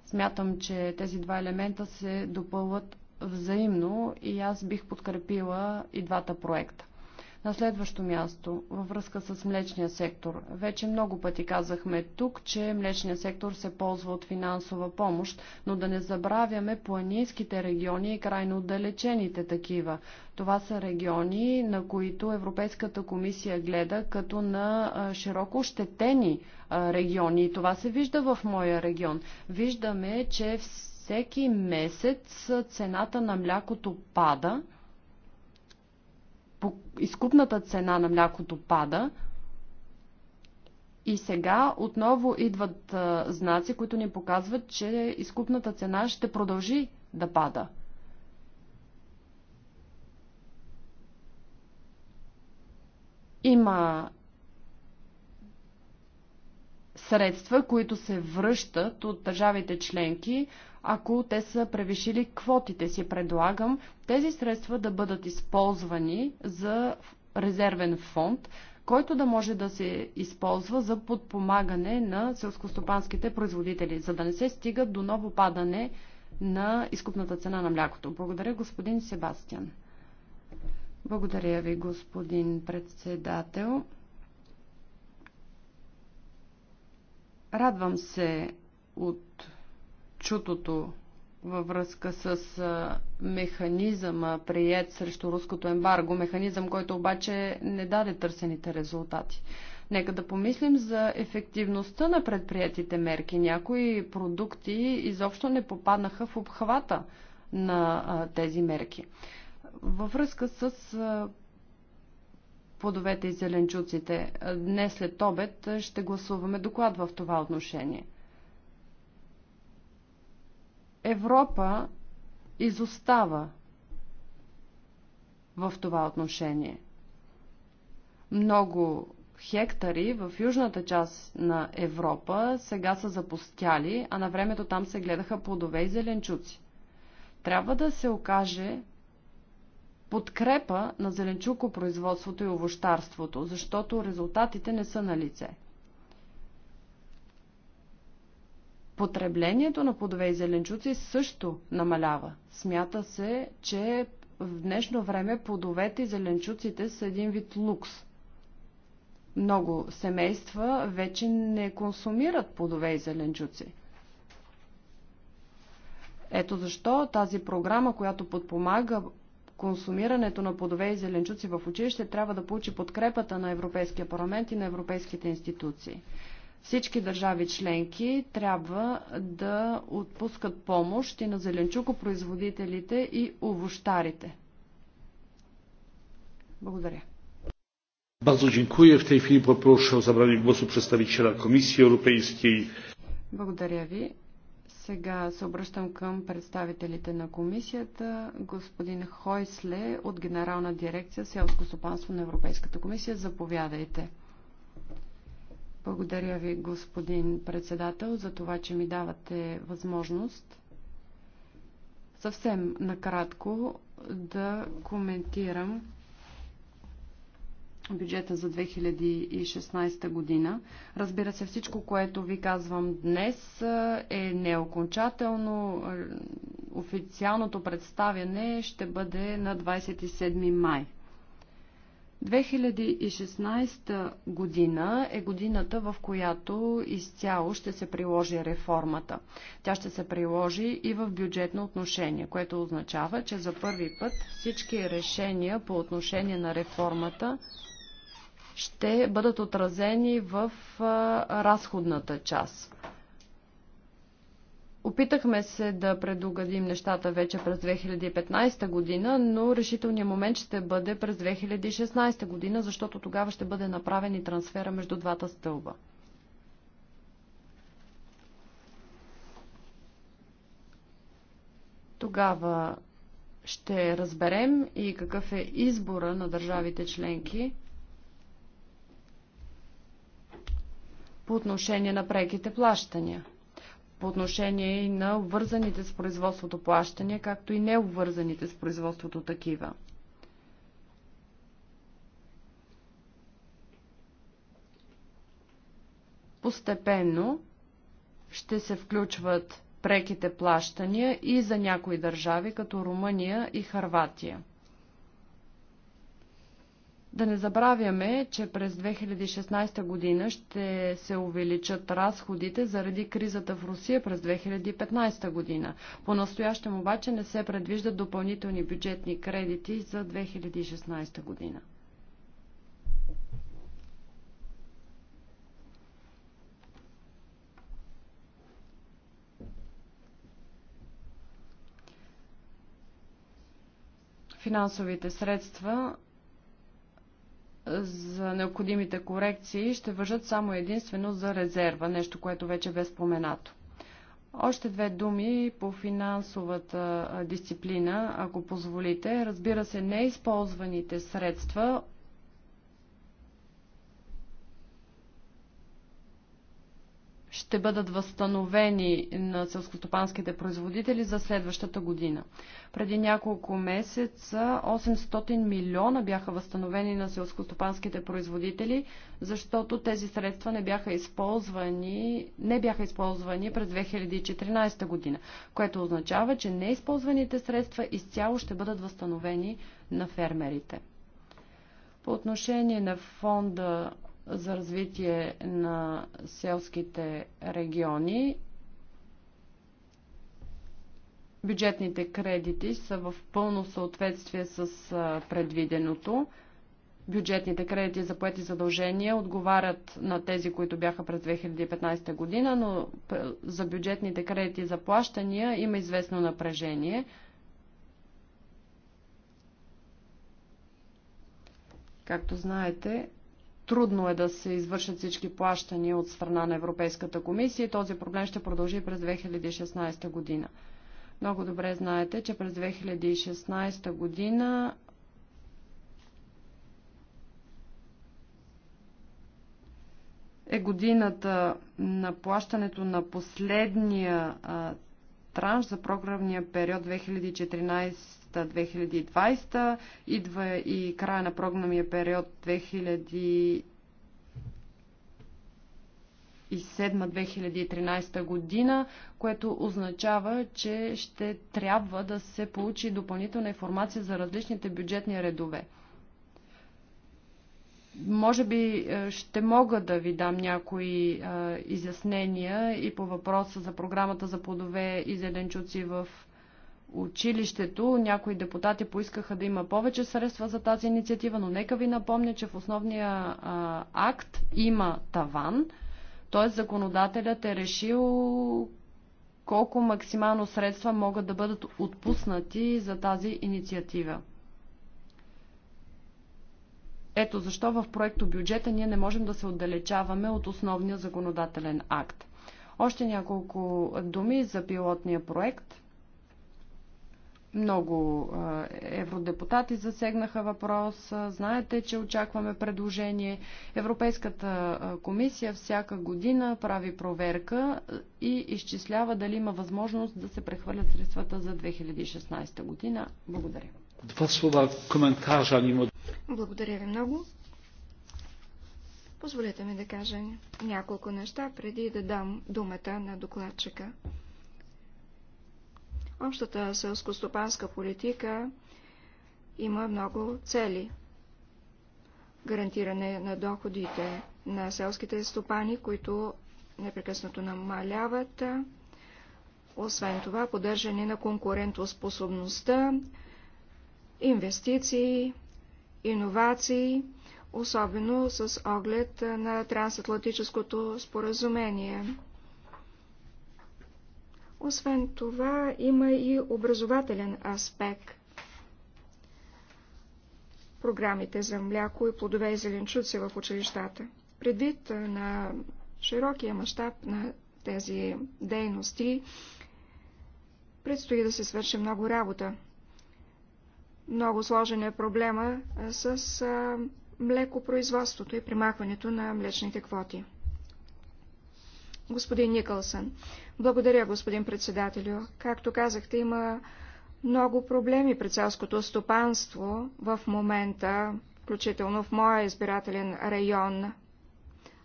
Смятам, че тези два елемента се допълват взаимно и аз бих подкрепила и двата проекта. На следващо място, във връзка с млечния сектор. Вече много пъти казахме тук, че млечния сектор се ползва от финансова помощ, но да не забравяме планинските региони и крайно отдалечените такива. Това са региони, на които Европейската комисия гледа като на широко щетени региони. И това се вижда в моя регион. Виждаме, че всеки месец цената на млякото пада изкупната цена на млякото пада. И сега отново идват а, знаци, които ни показват, че изкупната цена ще продължи да пада. Има средства, които се връщат от държавите членки ако те са превишили квотите си. Предлагам тези средства да бъдат използвани за резервен фонд, който да може да се използва за подпомагане на селскостопанските производители, за да не се стига до ново падане на изкупната цена на млякото. Благодаря, господин Себастиан. Благодаря ви, господин председател. Радвам се от чутото във връзка с механизъма, прият срещу руското ембарго, механизъм, който обаче не даде търсените резултати. Нека да помислим за ефективността на предприятите мерки. Някои продукти изобщо не попаднаха в обхвата на тези мерки. Във връзка с плодовете и зеленчуците, днес след обед ще гласуваме доклад в това отношение. Европа изостава в това отношение. Много хектари в южната част на Европа сега са запустяли, а на времето там се гледаха плодове и зеленчуци. Трябва да се окаже подкрепа на зеленчукопроизводството и овощарството, защото резултатите не са на лице. Потреблението на плодове и зеленчуци също намалява. Смята се, че в днешно време плодовете и зеленчуците са един вид лукс. Много семейства вече не консумират плодове и зеленчуци. Ето защо тази програма, която подпомага консумирането на плодове и зеленчуци в училище, трябва да получи подкрепата на Европейския парламент и на европейските институции. Всички държави членки трябва да отпускат помощ и на зеленчукопроизводителите и овощарите. Благодаря. Bardzo dziękuję. W tej chwili poproszę o zabranie głosu przedstawiciela Komisji Europejskiej. Благодаря ви. Сега се обръщам към представителите на комисията. Господин Хойсле от Генерална дирекция Селско стопанство на Европейската комисия. Заповядайте. Благодаря ви, господин председател, за това, че ми давате възможност съвсем накратко да коментирам бюджета за 2016 година. Разбира се, всичко, което ви казвам днес е неокончателно. Официалното представяне ще бъде на 27 май. 2016 година е годината, в която изцяло ще се приложи реформата. Тя ще се приложи и в бюджетно отношение, което означава, че за първи път всички решения по отношение на реформата ще бъдат отразени в разходната част. Опитахме се да предугадим нещата вече през 2015 година, но решителният момент ще бъде през 2016 година, защото тогава ще бъде направен и трансфера между двата стълба. Тогава ще разберем и какъв е избора на държавите членки по отношение на преките плащания по отношение и на обвързаните с производството плащания, както и необвързаните с производството такива. Постепенно ще се включват преките плащания и за някои държави, като Румъния и Харватия. Да не забравяме, че през 2016 година ще се увеличат разходите заради кризата в Русия през 2015 година. По-настоящем обаче не се предвиждат допълнителни бюджетни кредити за 2016 година. Финансовите средства за необходимите корекции ще въжат само единствено за резерва, нещо, което вече бе споменато. Още две думи по финансовата дисциплина, ако позволите. Разбира се, неизползваните средства ще бъдат възстановени на селскостопанските производители за следващата година. Преди няколко месеца 800 милиона бяха възстановени на селскостопанските производители, защото тези средства не бяха използвани, не бяха използвани през 2014 година, което означава, че неизползваните средства изцяло ще бъдат възстановени на фермерите. По отношение на фонда за развитие на селските региони. Бюджетните кредити са в пълно съответствие с предвиденото. Бюджетните кредити за поети задължения отговарят на тези, които бяха през 2015 година, но за бюджетните кредити за плащания има известно напрежение. Както знаете, трудно е да се извършат всички плащания от страна на Европейската комисия и този проблем ще продължи през 2016 година. Много добре знаете, че през 2016 година е годината на плащането на последния а, транш за програмния период 2014 2020, идва и края на програмния период 2007-2013 година, което означава, че ще трябва да се получи допълнителна информация за различните бюджетни редове може би е, ще мога да ви дам някои а, е, изяснения и по въпроса за програмата за плодове и зеленчуци в училището. Някои депутати поискаха да има повече средства за тази инициатива, но нека ви напомня, че в основния а, акт има таван, т.е. законодателят е решил колко максимално средства могат да бъдат отпуснати за тази инициатива. Ето защо в проекто бюджета ние не можем да се отдалечаваме от основния законодателен акт. Още няколко думи за пилотния проект – много евродепутати засегнаха въпрос. Знаете, че очакваме предложение. Европейската комисия всяка година прави проверка и изчислява дали има възможност да се прехвърлят средствата за 2016 година. Благодаря. Два слова коментажа мимо. Благодаря ви много. Позволете ми да кажа няколко неща преди да дам думата на докладчика. Общата селскостопанска политика има много цели. Гарантиране на доходите на селските стопани, които непрекъснато намаляват. Освен това, поддържане на конкурентоспособността, инвестиции, иновации, особено с оглед на трансатлантическото споразумение. Освен това, има и образователен аспект. Програмите за мляко и плодове и зеленчуци в училищата. Предвид на широкия мащаб на тези дейности, предстои да се свърши много работа. Много сложен е проблема с млекопроизводството и примахването на млечните квоти. Господин Никълсън. Благодаря, господин председателю. Както казахте, има много проблеми при селското стопанство в момента, включително в моя избирателен район.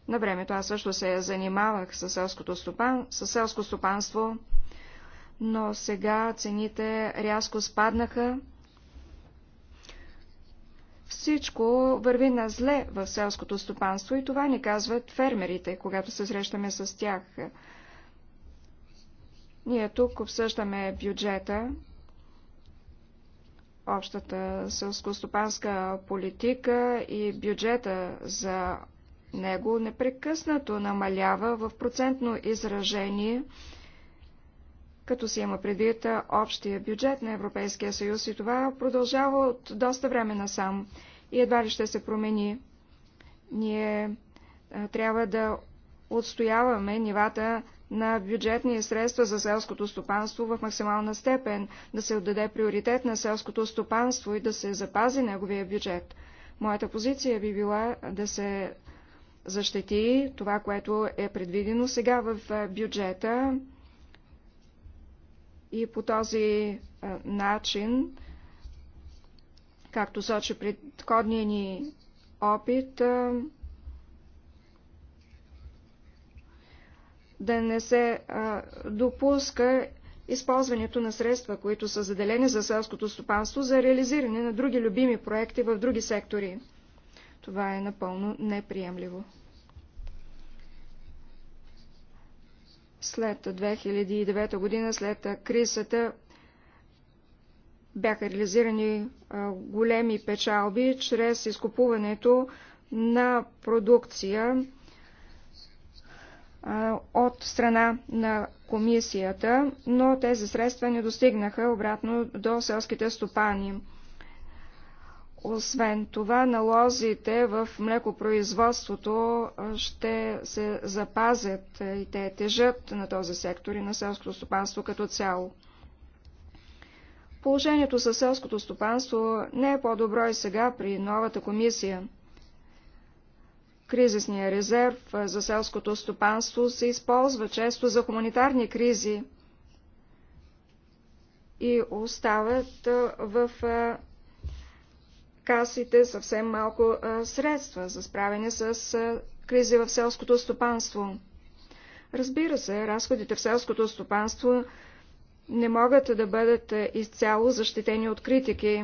На времето аз също се занимавах с селското, стопан, с селско стопанство, но сега цените рязко спаднаха всичко върви на зле в селското стопанство и това ни казват фермерите, когато се срещаме с тях. Ние тук обсъждаме бюджета, общата селскостопанска политика и бюджета за него непрекъснато намалява в процентно изражение – като се има предвид общия бюджет на Европейския съюз и това продължава от доста време насам и едва ли ще се промени. Ние трябва да отстояваме нивата на бюджетни средства за селското стопанство в максимална степен, да се отдаде приоритет на селското стопанство и да се запази неговия бюджет. Моята позиция би била да се защити това, което е предвидено сега в бюджета, и по този начин, както сочи предходния ни опит, да не се допуска използването на средства, които са заделени за селското стопанство, за реализиране на други любими проекти в други сектори. Това е напълно неприемливо. След 2009 година, след кризата, бяха реализирани големи печалби чрез изкупуването на продукция от страна на комисията, но тези средства не достигнаха обратно до селските стопани. Освен това, налозите в млекопроизводството ще се запазят и те тежат на този сектор и на селското стопанство като цяло. Положението със селското стопанство не е по-добро и сега при новата комисия. Кризисният резерв за селското стопанство се използва често за хуманитарни кризи и остават в касите съвсем малко средства за справяне с кризи в селското стопанство. Разбира се, разходите в селското стопанство не могат да бъдат изцяло защитени от критики.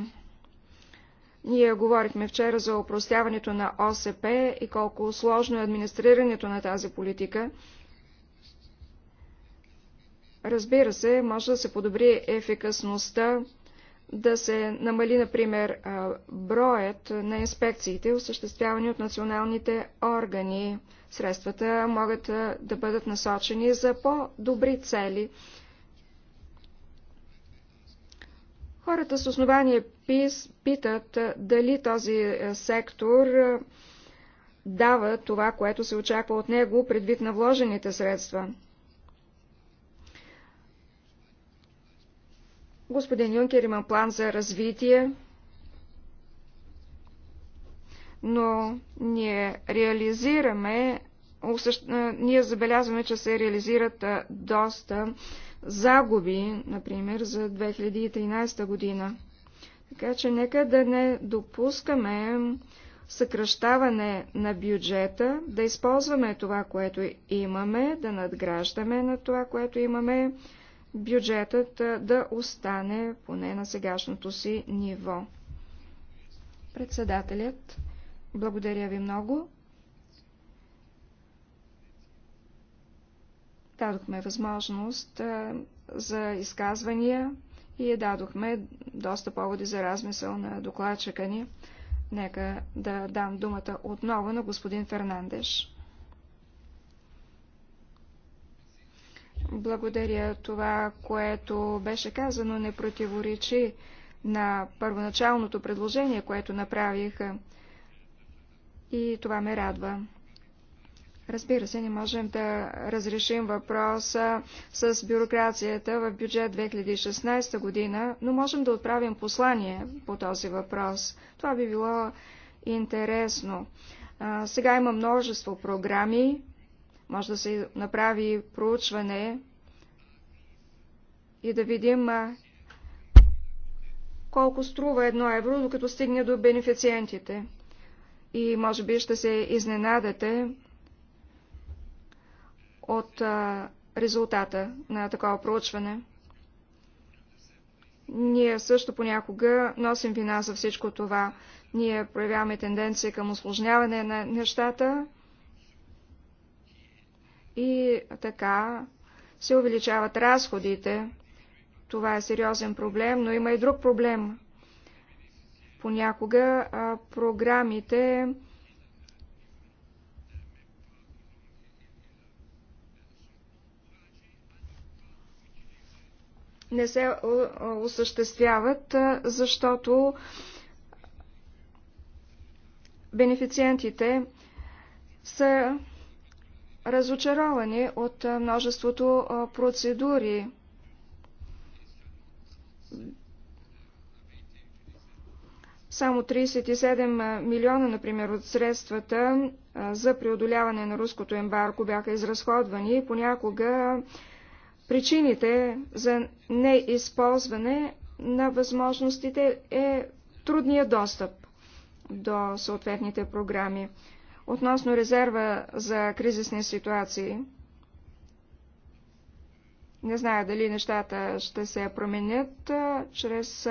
Ние говорихме вчера за упростяването на ОСП и колко сложно е администрирането на тази политика. Разбира се, може да се подобри ефикасността да се намали, например, броят на инспекциите, осъществявани от националните органи. Средствата могат да бъдат насочени за по-добри цели. Хората с основание ПИС питат дали този сектор дава това, което се очаква от него, предвид на вложените средства. Господин Юнкер има план за развитие, но ние реализираме, ние забелязваме, че се реализират доста загуби, например, за 2013 година. Така че нека да не допускаме съкръщаване на бюджета, да използваме това, което имаме, да надграждаме на това, което имаме, бюджетът да остане поне на сегашното си ниво. Председателят, благодаря ви много. Дадохме възможност за изказвания и дадохме доста поводи за размисъл на докладчика ни. Нека да дам думата отново на господин Фернандеш. Благодаря това, което беше казано, не противоречи на първоначалното предложение, което направих. И това ме радва. Разбира се, не можем да разрешим въпроса с бюрокрацията в бюджет 2016 година, но можем да отправим послание по този въпрос. Това би било интересно. А, сега има множество програми, може да се направи проучване и да видим колко струва едно евро, докато стигне до бенефициентите. И може би ще се изненадате от а, резултата на такова проучване. Ние също понякога носим вина за всичко това. Ние проявяваме тенденция към осложняване на нещата, и така се увеличават разходите. Това е сериозен проблем, но има и друг проблем. Понякога а, програмите не се осъществяват, защото бенефициентите са разочаровани от множеството процедури. Само 37 милиона, например, от средствата за преодоляване на руското ембарко бяха изразходвани и понякога причините за неизползване на възможностите е трудния достъп до съответните програми. Относно резерва за кризисни ситуации, не зная дали нещата ще се променят чрез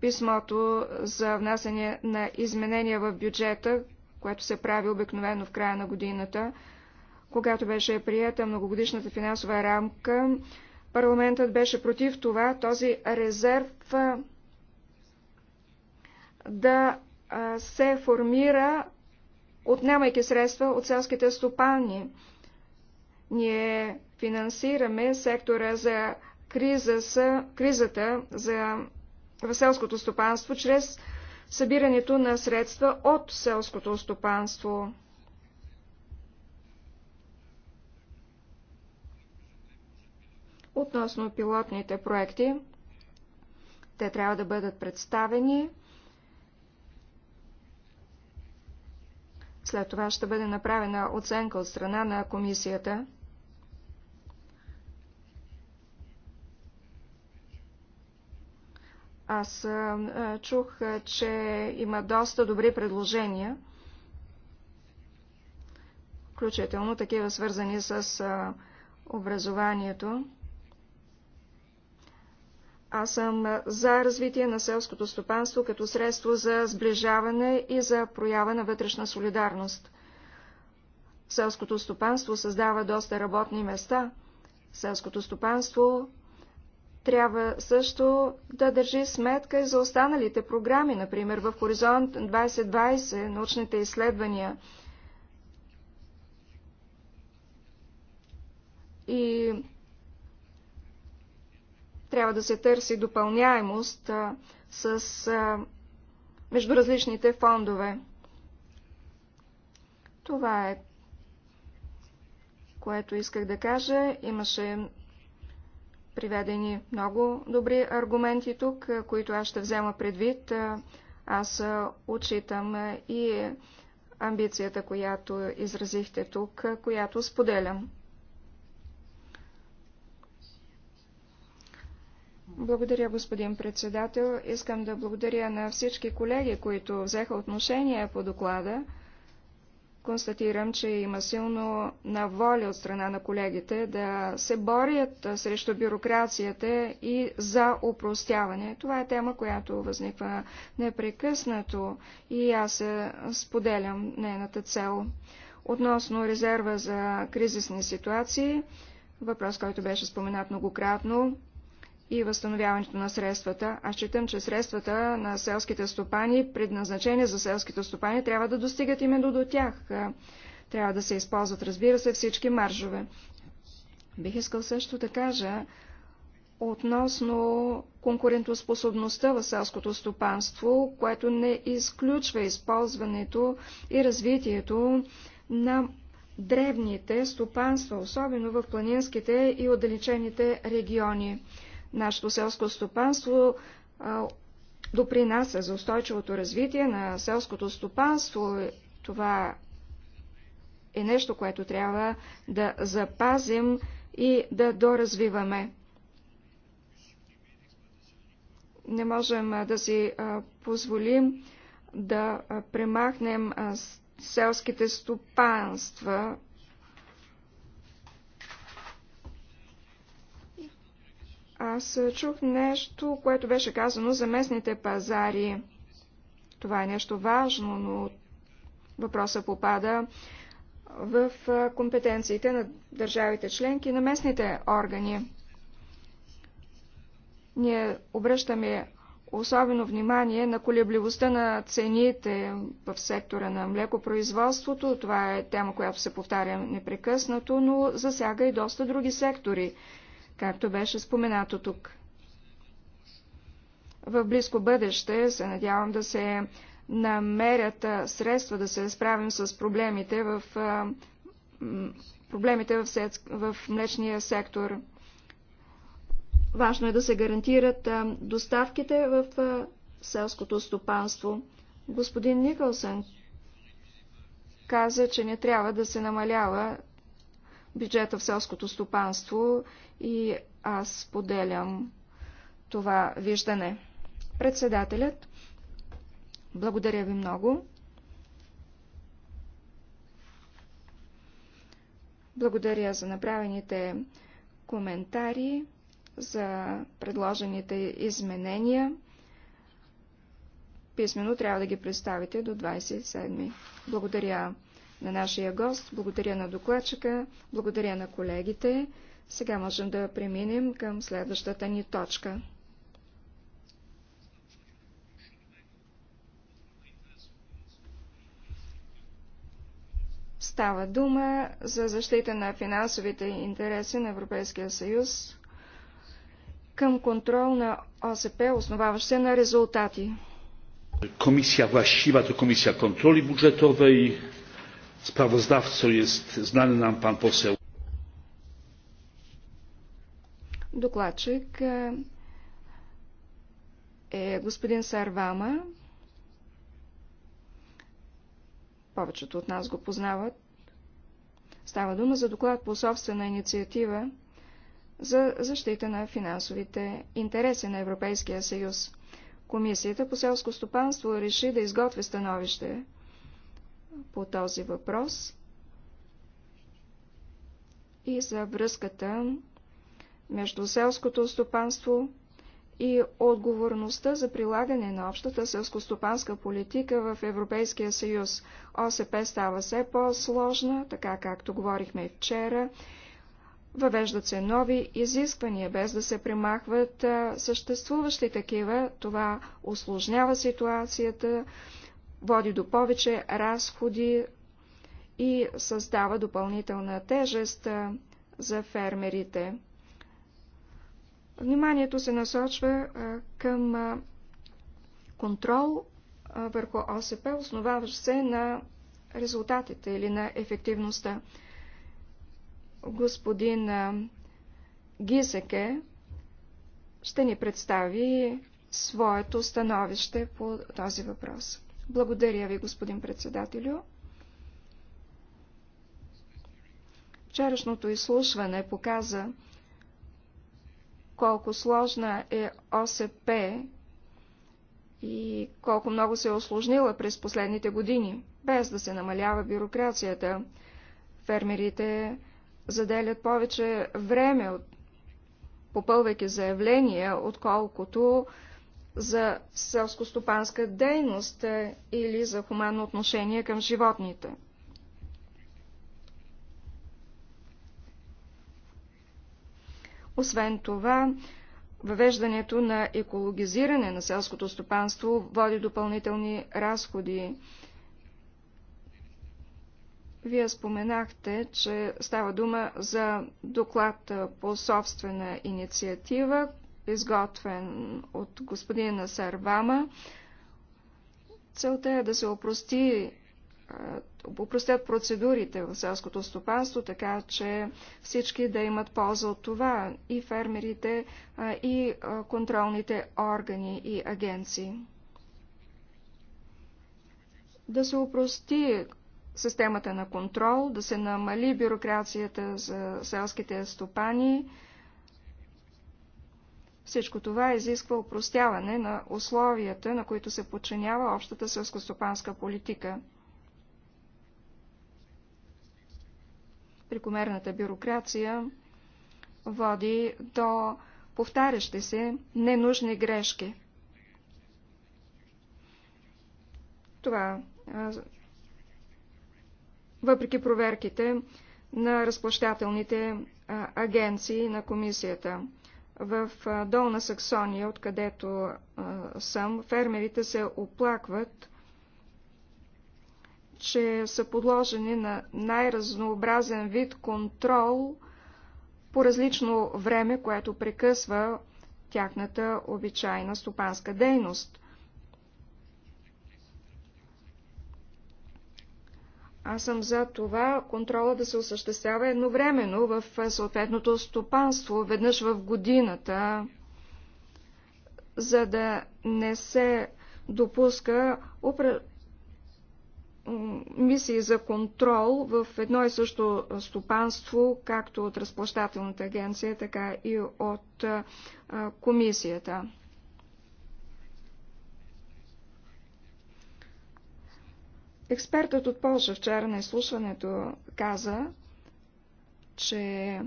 писмото за внасяне на изменения в бюджета, което се прави обикновено в края на годината. Когато беше прията многогодишната финансова рамка, парламентът беше против това този резерв да се формира отнемайки средства от селските стопани. Ние финансираме сектора за криза, кризата за в селското стопанство чрез събирането на средства от селското стопанство. Относно пилотните проекти, те трябва да бъдат представени След това ще бъде направена оценка от страна на комисията. Аз чух, че има доста добри предложения, включително такива свързани с образованието. Аз съм за развитие на селското стопанство като средство за сближаване и за проява на вътрешна солидарност. Селското стопанство създава доста работни места. Селското стопанство трябва също да държи сметка и за останалите програми, например в Хоризонт 2020, научните изследвания. И трябва да се търси допълняемост с между различните фондове. Това е което исках да кажа. Имаше приведени много добри аргументи тук, които аз ще взема предвид. Аз учитам и амбицията, която изразихте тук, която споделям. Благодаря, господин председател. Искам да благодаря на всички колеги, които взеха отношение по доклада. Констатирам, че има силно на воля от страна на колегите да се борят срещу бюрокрацията и за упростяване. Това е тема, която възниква непрекъснато и аз споделям нейната цел. Относно резерва за кризисни ситуации, въпрос, който беше споменат многократно, и възстановяването на средствата. Аз считам, че средствата на селските стопани, предназначени за селските стопани, трябва да достигат именно до тях. Трябва да се използват, разбира се, всички маржове. Бих искал също да кажа относно конкурентоспособността в селското стопанство, което не изключва използването и развитието на древните стопанства, особено в планинските и отдалечените региони. Нашето селско стопанство допринася за устойчивото развитие на селското стопанство. Това е нещо, което трябва да запазим и да доразвиваме. Не можем да си позволим да премахнем селските стопанства Аз чух нещо, което беше казано за местните пазари. Това е нещо важно, но въпроса попада в компетенциите на държавите членки и на местните органи. Ние обръщаме особено внимание на колебливостта на цените в сектора на млекопроизводството. Това е тема, която се повтаря непрекъснато, но засяга и доста други сектори както беше споменато тук. В близко бъдеще се надявам да се намерят средства да се справим с проблемите в, проблемите в, сет, в млечния сектор. Важно е да се гарантират доставките в селското стопанство. Господин Никълсън каза, че не трябва да се намалява бюджета в селското стопанство и аз поделям това виждане. Председателят, благодаря ви много. Благодаря за направените коментари, за предложените изменения. Писменно трябва да ги представите до 27. Благодаря на нашия гост, благодаря на докладчика, благодаря на колегите. Сега можем да преминем към следващата ни точка. Става дума за защита на финансовите интереси на Европейския съюз към контрол на ОСП, основаващ се на резултати. Комисия властива Комисия контроли и Sprawozdawcą jest znany nam pan poseł. Докладчик е, е господин Сарвама. Повечето от нас го познават. Става дума за доклад по собствена инициатива за защита на финансовите интереси на Европейския съюз. Комисията по селско стопанство реши да изготви становище по този въпрос и за връзката между селското стопанство и отговорността за прилагане на общата селскостопанска политика в Европейския съюз. ОСП става все по-сложна, така както говорихме вчера. Въвеждат се нови изисквания, без да се премахват съществуващи такива. Това осложнява ситуацията, води до повече разходи и създава допълнителна тежест за фермерите. Вниманието се насочва към контрол върху ОСП, основаващ се на резултатите или на ефективността. Господин Гисеке ще ни представи своето становище по този въпрос. Благодаря ви, господин председателю. Вчерашното изслушване показа колко сложна е ОСП и колко много се е осложнила през последните години, без да се намалява бюрокрацията. Фермерите заделят повече време, попълвайки заявления, отколкото за селскостопанска дейност е, или за хуманно отношение към животните. Освен това, въвеждането на екологизиране на селското стопанство води допълнителни разходи. Вие споменахте, че става дума за доклад по собствена инициатива, изготвен от господин Вама. Целта е да се опрости опростят процедурите в селското стопанство, така че всички да имат полза от това и фермерите, и контролните органи и агенции. Да се опрости системата на контрол, да се намали бюрокрацията за селските стопани, всичко това изисква упростяване на условията, на които се подчинява общата селскостопанска политика. Прикомерната бюрокрация води до повтарящи се ненужни грешки. Това, въпреки проверките на разплащателните агенции на комисията. В Долна Саксония, откъдето съм, фермерите се оплакват, че са подложени на най-разнообразен вид контрол по различно време, което прекъсва тяхната обичайна стопанска дейност. Аз съм за това контрола да се осъществява едновременно в е, съответното стопанство, веднъж в годината, за да не се допуска упра... мисии за контрол в едно и също стопанство, както от разплащателната агенция, така и от е, комисията. Експертът от Польша вчера на изслушването каза, че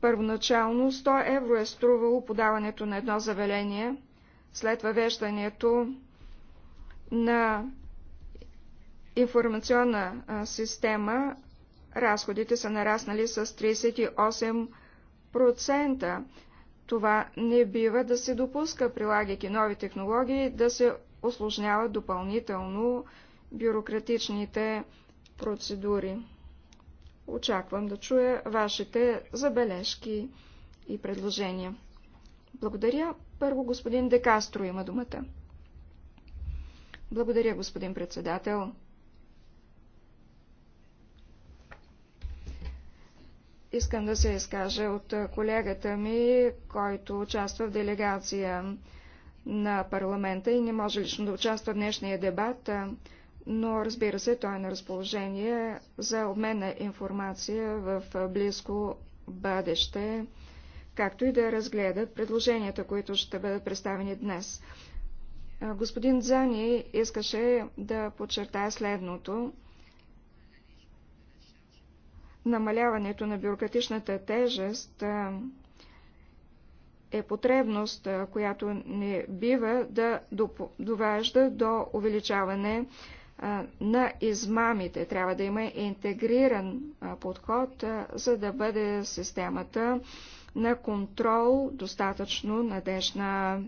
първоначално 100 евро е струвало подаването на едно завеление след въвеждането на информационна система разходите са нараснали с 38%. Това не бива да се допуска, прилагайки нови технологии, да се осложнява допълнително бюрократичните процедури. Очаквам да чуя вашите забележки и предложения. Благодаря. Първо господин Декастро има думата. Благодаря, господин председател. Искам да се изкажа от колегата ми, който участва в делегация на парламента и не може лично да участва в днешния дебат, но разбира се, той е на разположение за обмен на информация в близко бъдеще, както и да разгледат предложенията, които ще бъдат представени днес. Господин Дзани искаше да подчертая следното. Намаляването на бюрократичната тежест е потребност, която не бива да довежда до увеличаване на измамите. Трябва да има интегриран подход, за да бъде системата на контрол достатъчно надежна.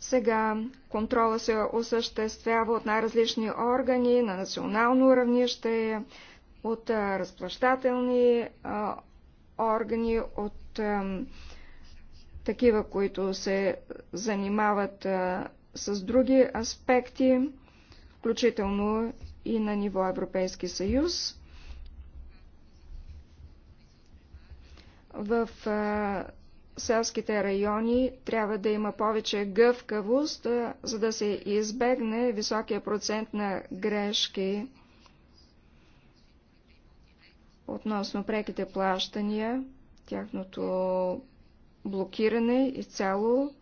Сега контрола се осъществява от най-различни органи на национално равнище, от разплащателни органи, от а, такива, които се занимават а, с други аспекти, включително и на ниво Европейски съюз. В а, селските райони трябва да има повече гъвкавост, за да се избегне високия процент на грешки относно преките плащания, тяхното блокиране изцяло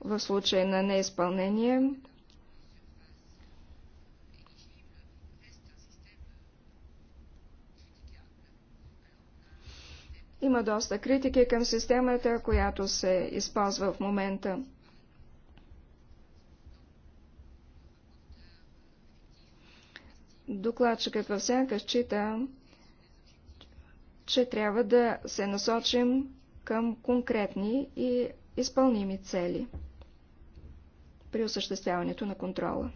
в случай на неизпълнение. Има доста критики към системата, която се използва в момента. Докладчикът във сянка счита, че трябва да се насочим към конкретни и изпълними цели при осъществяването на контрола.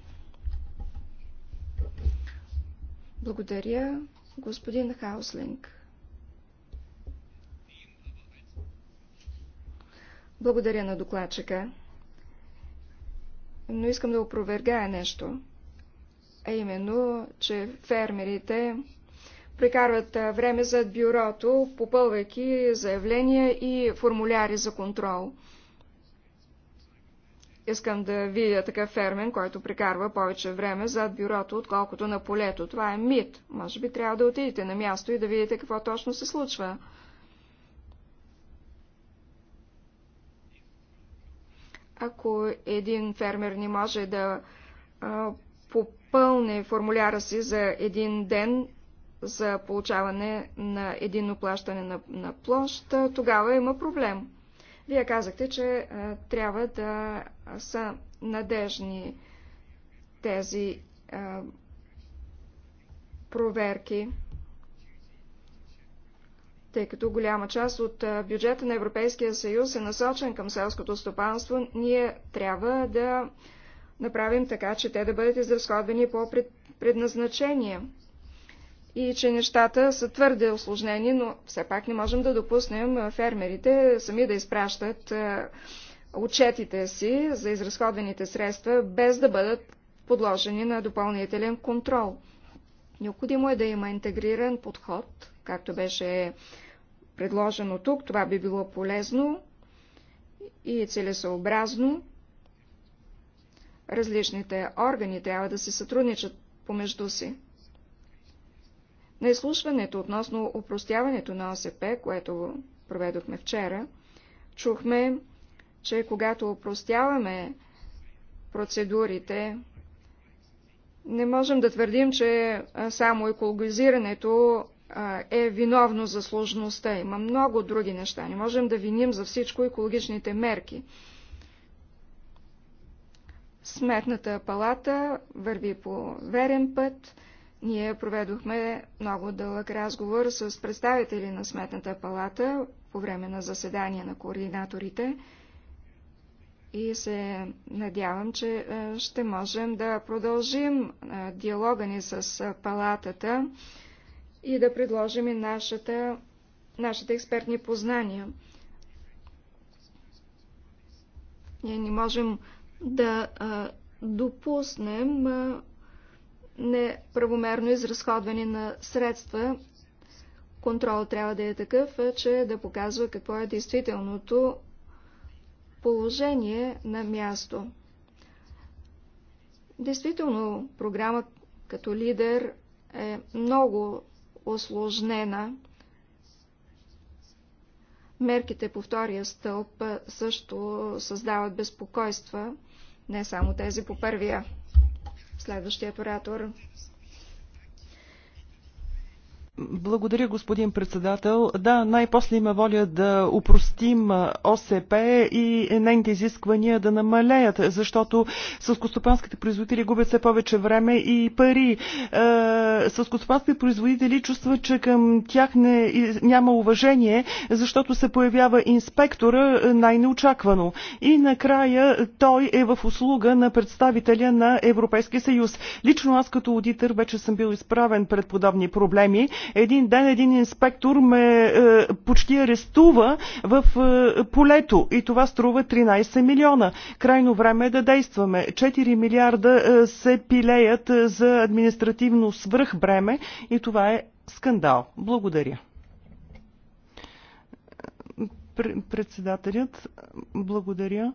Благодаря, господин Хауслинг. Благодаря на докладчика, но искам да опровергая нещо, а именно, че фермерите прекарват време зад бюрото, попълвайки заявления и формуляри за контрол. Искам да видя такъв фермен, който прекарва повече време зад бюрото, отколкото на полето. Това е мит. Може би трябва да отидете на място и да видите какво точно се случва. Ако един фермер не може да попълни формуляра си за един ден за получаване на единно плащане на, на площ, тогава има проблем. Вие казахте, че а, трябва да са надежни тези а, проверки, тъй като голяма част от бюджета на Европейския съюз е насочен към селското стопанство, ние трябва да направим така, че те да бъдат изразходвани по предназначение и че нещата са твърде осложнени, но все пак не можем да допуснем фермерите сами да изпращат отчетите си за изразходените средства, без да бъдат подложени на допълнителен контрол. Необходимо е да има интегриран подход, както беше предложено тук. Това би било полезно и целесообразно. Различните органи трябва да се сътрудничат помежду си. На изслушването относно упростяването на ОСП, което проведохме вчера, чухме, че когато упростяваме процедурите, не можем да твърдим, че само екологизирането е виновно за сложността. Има много други неща. Не можем да виним за всичко екологичните мерки. Сметната палата върви по верен път. Ние проведохме много дълъг разговор с представители на Сметната палата по време на заседание на координаторите и се надявам, че е, ще можем да продължим е, диалога ни с е, палатата и да предложим и нашата, нашите експертни познания. Ние не можем да допуснем неправомерно изразходване на средства. Контрол трябва да е такъв, че да показва какво е действителното положение на място. Действително, програма като лидер е много осложнена. Мерките по втория стълб също създават безпокойства, не само тези по първия следващия оратор. Благодаря, господин председател. Да, най-после има воля да упростим ОСП и нейните изисквания да намалеят, защото съскостопанските производители губят все повече време и пари. Съскостопанските производители чувстват, че към тях не, няма уважение, защото се появява инспектора най-неочаквано. И накрая той е в услуга на представителя на Европейския съюз. Лично аз като аудитор вече съм бил изправен пред подобни проблеми един ден един инспектор ме е, почти арестува в е, полето и това струва 13 милиона. Крайно време е да действаме. 4 милиарда е, се пилеят за административно свръхбреме и това е скандал. Благодаря. Председателят, благодаря.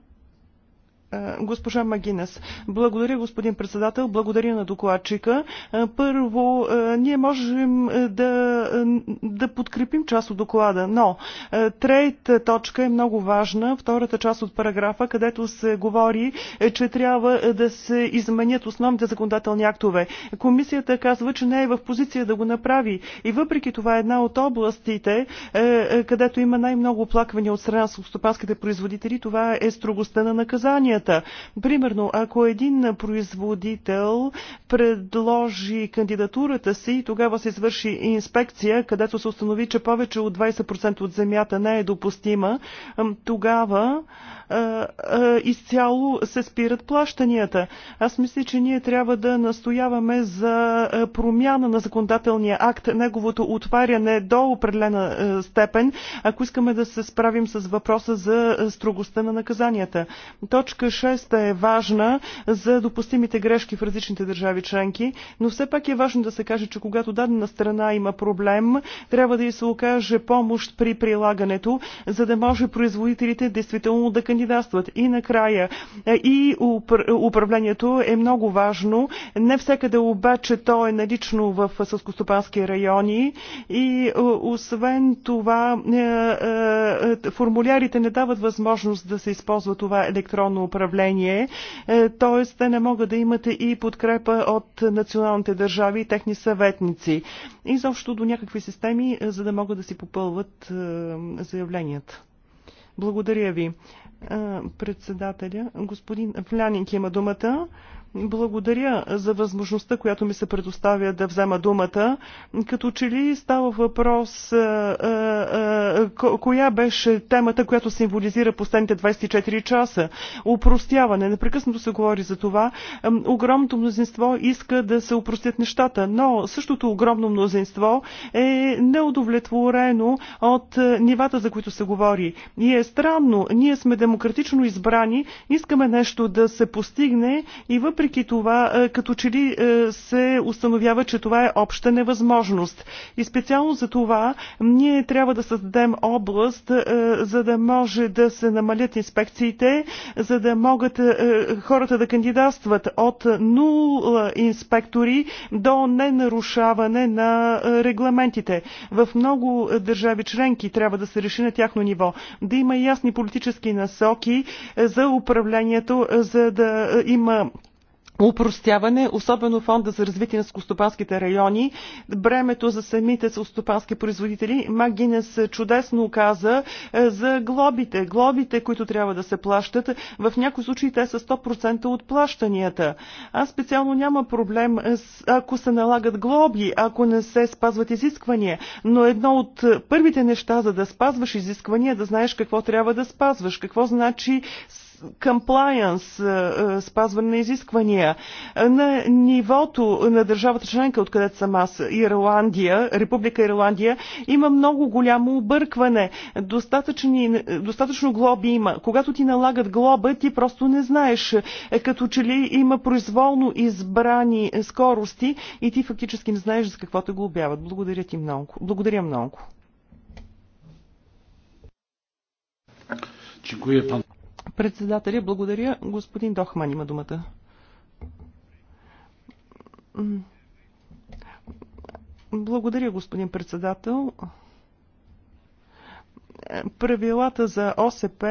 Госпожа Магинес, благодаря господин председател, благодаря на докладчика. Първо, ние можем да, да подкрепим част от доклада, но трета точка е много важна, втората част от параграфа, където се говори, е, че трябва да се изменят основните законодателни актове. Комисията казва, че не е в позиция да го направи и въпреки това е една от областите, е, е, където има най-много оплаквания от страна на стопанските производители, това е строгостта на наказанията цената. Примерно, ако един производител предложи кандидатурата си, тогава се извърши инспекция, където се установи, че повече от 20% от земята не е допустима, тогава изцяло се спират плащанията. Аз мисля, че ние трябва да настояваме за промяна на законодателния акт, неговото отваряне до определена степен, ако искаме да се справим с въпроса за строгостта на наказанията. Точка шеста е важна за допустимите грешки в различните държави членки, но все пак е важно да се каже, че когато дадена страна има проблем, трябва да й се окаже помощ при прилагането, за да може производителите действително да кандидатстват. И накрая, и управлението е много важно. Не всекъде обаче то е налично в съскостопански райони и е, освен това е, е, формулярите не дават възможност да се използва това електронно управление управление, т.е. те не могат да имат и подкрепа от националните държави и техни съветници. И заобщо до някакви системи, е, за да могат да си попълват е, заявленията. Благодаря ви. Е, председателя, господин Влянинг има думата. Благодаря за възможността, която ми се предоставя да взема думата. Като че ли става въпрос е, е, е, коя беше темата, която символизира последните 24 часа? Упростяване. Непрекъснато се говори за това. Огромното мнозинство иска да се упростят нещата, но същото огромно мнозинство е неудовлетворено от нивата, за които се говори. И е странно. Ние сме демократично избрани, искаме нещо да се постигне и въпреки въпреки това, е, като че ли е, се установява, че това е обща невъзможност. И специално за това ние трябва да създадем област, е, за да може да се намалят инспекциите, за да могат хората да кандидатстват от нула инспектори до ненарушаване на регламентите. В много държави членки трябва да се реши на тяхно ниво, да има ясни политически насоки за управлението, за да има упростяване, особено фонда за развитие на скостопанските райони, бремето за самите скостопански производители. Магинес чудесно каза е, за глобите, глобите, които трябва да се плащат. В някои случаи те са 100% от плащанията. Аз специално няма проблем, ако се налагат глоби, ако не се спазват изисквания, но едно от първите неща, за да спазваш изисквания, да знаеш какво трябва да спазваш, какво значи комплайенс, е, спазване на изисквания е, на нивото на държавата членка, откъдето съм аз, Ирландия, Република Ирландия, има много голямо объркване. Достатъчни, достатъчно глоби има. Когато ти налагат глоба, ти просто не знаеш. Е, като че ли има произволно избрани скорости и ти фактически не знаеш за какво те глобяват. Благодаря ти много. Благодаря много. Dziękuję panu. Председателя, благодаря. Господин Дохман има думата. Благодаря, господин председател. Правилата за ОСП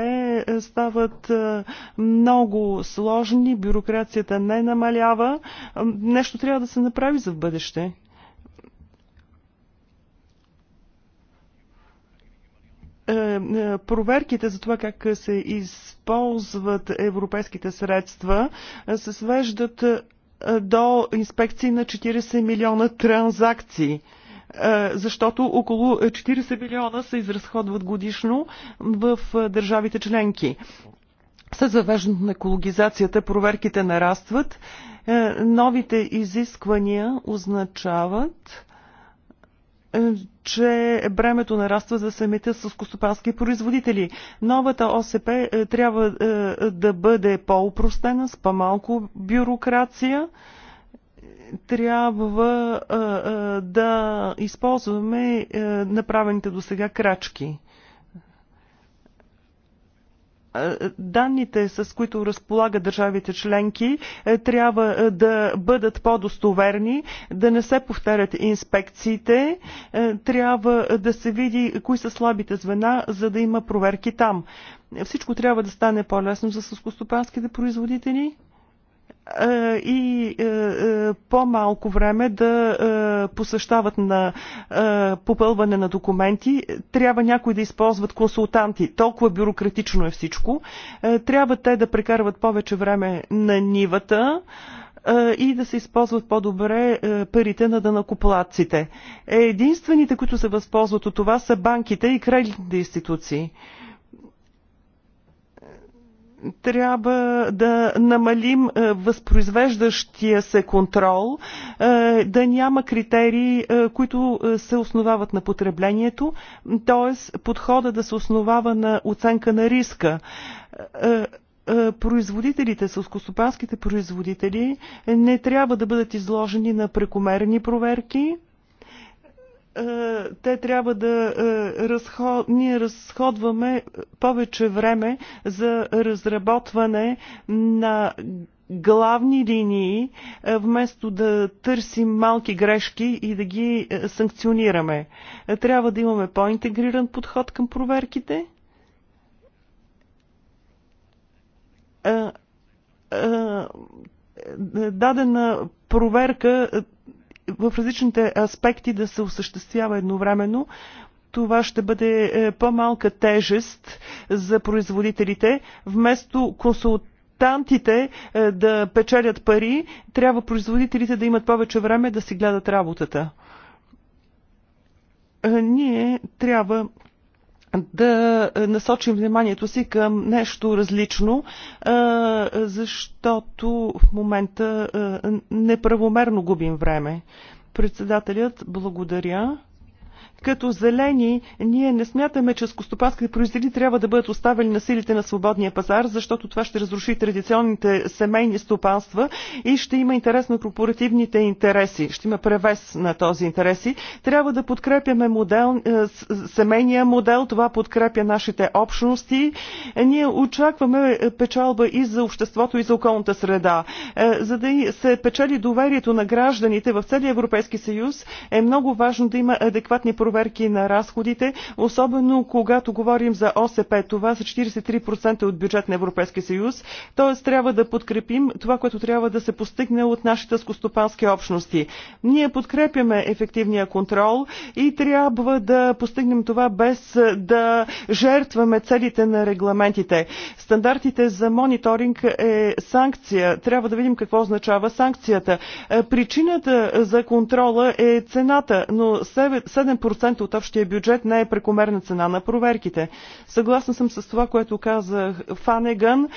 стават е, много сложни, бюрокрацията не намалява. Е, нещо трябва да се направи за в бъдеще. Е, е, проверките за това как се използват европейските средства е, се свеждат до инспекции на 40 милиона транзакции защото около 40 милиона се изразходват годишно в държавите членки. С завеждането на екологизацията проверките нарастват. Новите изисквания означават, че бремето нараства за самите съскостопански производители. Новата ОСП е, трябва е, да бъде по-упростена, с по-малко бюрокрация. Трябва е, да използваме направените до сега крачки данните, с които разполага държавите членки, е, трябва е, да бъдат по-достоверни, да не се повтарят инспекциите, е, трябва да се види кои са слабите звена, за да има проверки там. Всичко трябва да стане по-лесно за съскостопанските производители. Е, и е, е, по-малко време да посещават на попълване на документи. Трябва някой да използват консултанти. Толкова бюрократично е всичко. Трябва те да прекарват повече време на нивата и да се използват по-добре парите на данакоплаците. Единствените, които се възползват от това са банките и кредитните институции трябва да намалим е, възпроизвеждащия се контрол, е, да няма критерии, е, които се основават на потреблението, т.е. подхода да се основава на оценка на риска производителите, сълскостопанските производители не трябва да бъдат изложени на прекомерни проверки, е, те трябва да е, разход... ние разходваме повече време за разработване на главни линии, е, вместо да търсим малки грешки и да ги санкционираме. Трябва да имаме по-интегриран подход към проверките. Дадена проверка в различните аспекти да се осъществява едновременно, това ще бъде е, по-малка тежест за производителите. Вместо консултантите е, да печелят пари, трябва производителите да имат повече време да си гледат работата. Е, ние трябва да е, насочим вниманието си към нещо различно, е, защото в момента е, неправомерно губим време. Председателят, благодаря. Като зелени, ние не смятаме, че скостопанските производители трябва да бъдат оставени на силите на свободния пазар, защото това ще разруши традиционните семейни стопанства и ще има интерес на корпоративните интереси. Ще има превес на този интереси. Трябва да подкрепяме модел, е, семейния модел. Това подкрепя нашите общности. Ние очакваме печалба и за обществото, и за околната среда. Е, за да се печели доверието на гражданите в целия Европейски съюз, е много важно да има адекватни проверки на разходите, особено когато говорим за ОСП. Това са 43% от бюджет на Европейския съюз. Т.е. трябва да подкрепим това, което трябва да се постигне от нашите скостопански общности. Ние подкрепяме ефективния контрол и трябва да постигнем това без да жертваме целите на регламентите. Стандартите за мониторинг е санкция. Трябва да видим какво означава санкцията. Причината за контрола е цената, но 7% 10% от общия бюджет не е прекомерна цена на проверките. Съгласна съм с това, което каза Фанеган.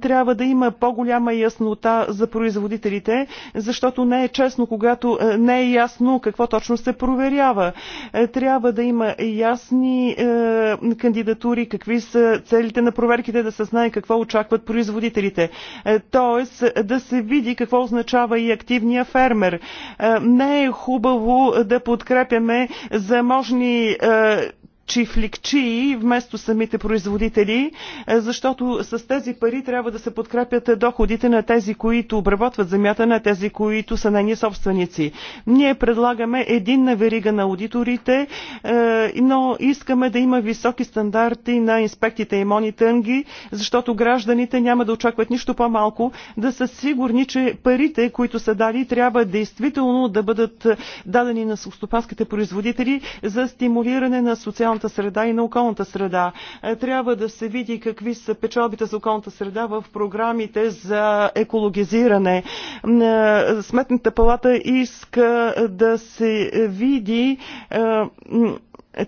Трябва да има по-голяма яснота за производителите, защото не е честно, когато е, не е ясно какво точно се проверява. Е, трябва да има ясни е, кандидатури, какви са целите на проверките, да се знае какво очакват производителите. Тоест да се види какво означава и активния фермер. Не е хубаво да подкрепяме за възможни е, Чифликчи вместо самите производители, е, защото с тези пари трябва да се подкрепят доходите на тези, които обработват земята, на тези, които са нейни собственици. Ние предлагаме на верига на аудиторите, е, но искаме да има високи стандарти на инспектите и монитънги, защото гражданите няма да очакват нищо по-малко, да са сигурни, че парите, които са дали, трябва действително да бъдат дадени на стопанските производители за стимулиране на социалната социалната среда и на околната среда. Е, трябва да се види какви са печалбите за околната среда в програмите за екологизиране. Е, Сметната палата иска да се види е,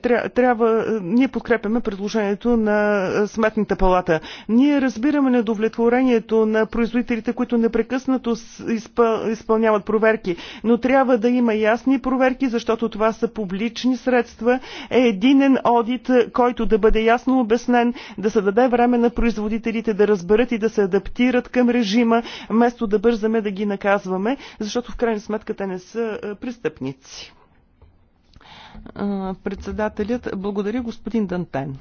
Тря, трябва, ние подкрепяме предложението на Сметната палата. Ние разбираме недовлетворението на производителите, които непрекъснато изпъл, изпълняват проверки, но трябва да има ясни проверки, защото това са публични средства, е единен одит, който да бъде ясно обяснен, да се даде време на производителите да разберат и да се адаптират към режима, вместо да бързаме да ги наказваме, защото в крайна сметка те не са престъпници. Председателят, благодаря господин Дантен.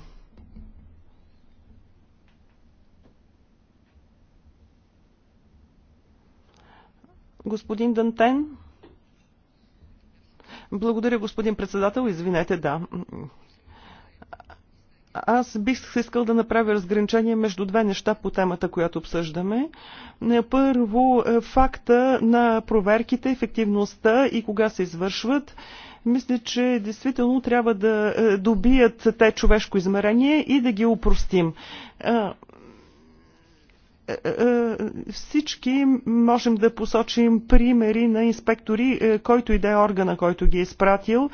Господин Дантен? Благодаря, господин председател. Извинете, да. Аз бих искал да направя разграничение между две неща по темата, която обсъждаме. Първо, факта на проверките, ефективността и кога се извършват. Мисля, че действително трябва да е, добият те човешко измерение и да ги упростим. Е, е, е, е, всички можем да посочим примери на инспектори, който и да е органа, който ги е изпратил,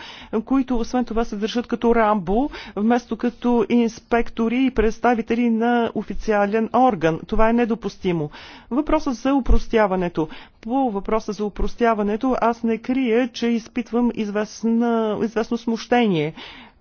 които освен това се държат като рамбо, вместо като инспектори и представители на официален орган. Това е недопустимо. Въпросът за упростяването. По въпроса за упростяването аз не крия, че изпитвам известна, известно смущение.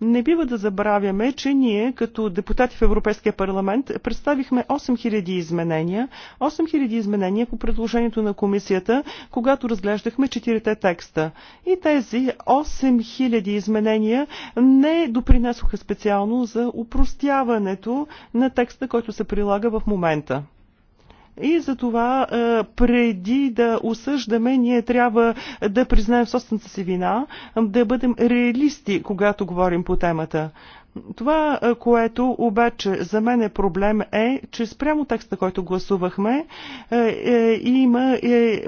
Не бива да забравяме, че ние като депутати в Европейския парламент представихме 8000 изменения. 8000 изменения по предложението на комисията, когато разглеждахме четирите текста. И тези 8000 изменения не допринесоха специално за упростяването на текста, който се прилага в момента. И за това е, преди да осъждаме, ние трябва да признаем собствената си вина, да бъдем реалисти, когато говорим по темата. Това, е, което обаче за мен е проблем е, че спрямо текста, който гласувахме, е, е, има е,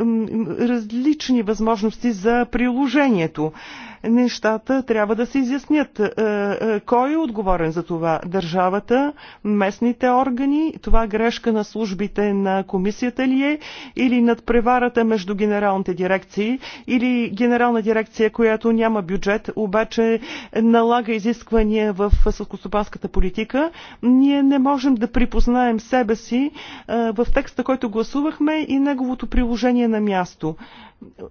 различни възможности за приложението нещата трябва да се изяснят. Е, е, кой е отговорен за това? Държавата, местните органи, това грешка на службите на комисията ли е или над преварата между генералните дирекции или генерална дирекция, която няма бюджет, обаче налага изисквания в съскостопанската политика. Ние не можем да припознаем себе си е, в текста, който гласувахме и неговото приложение на място.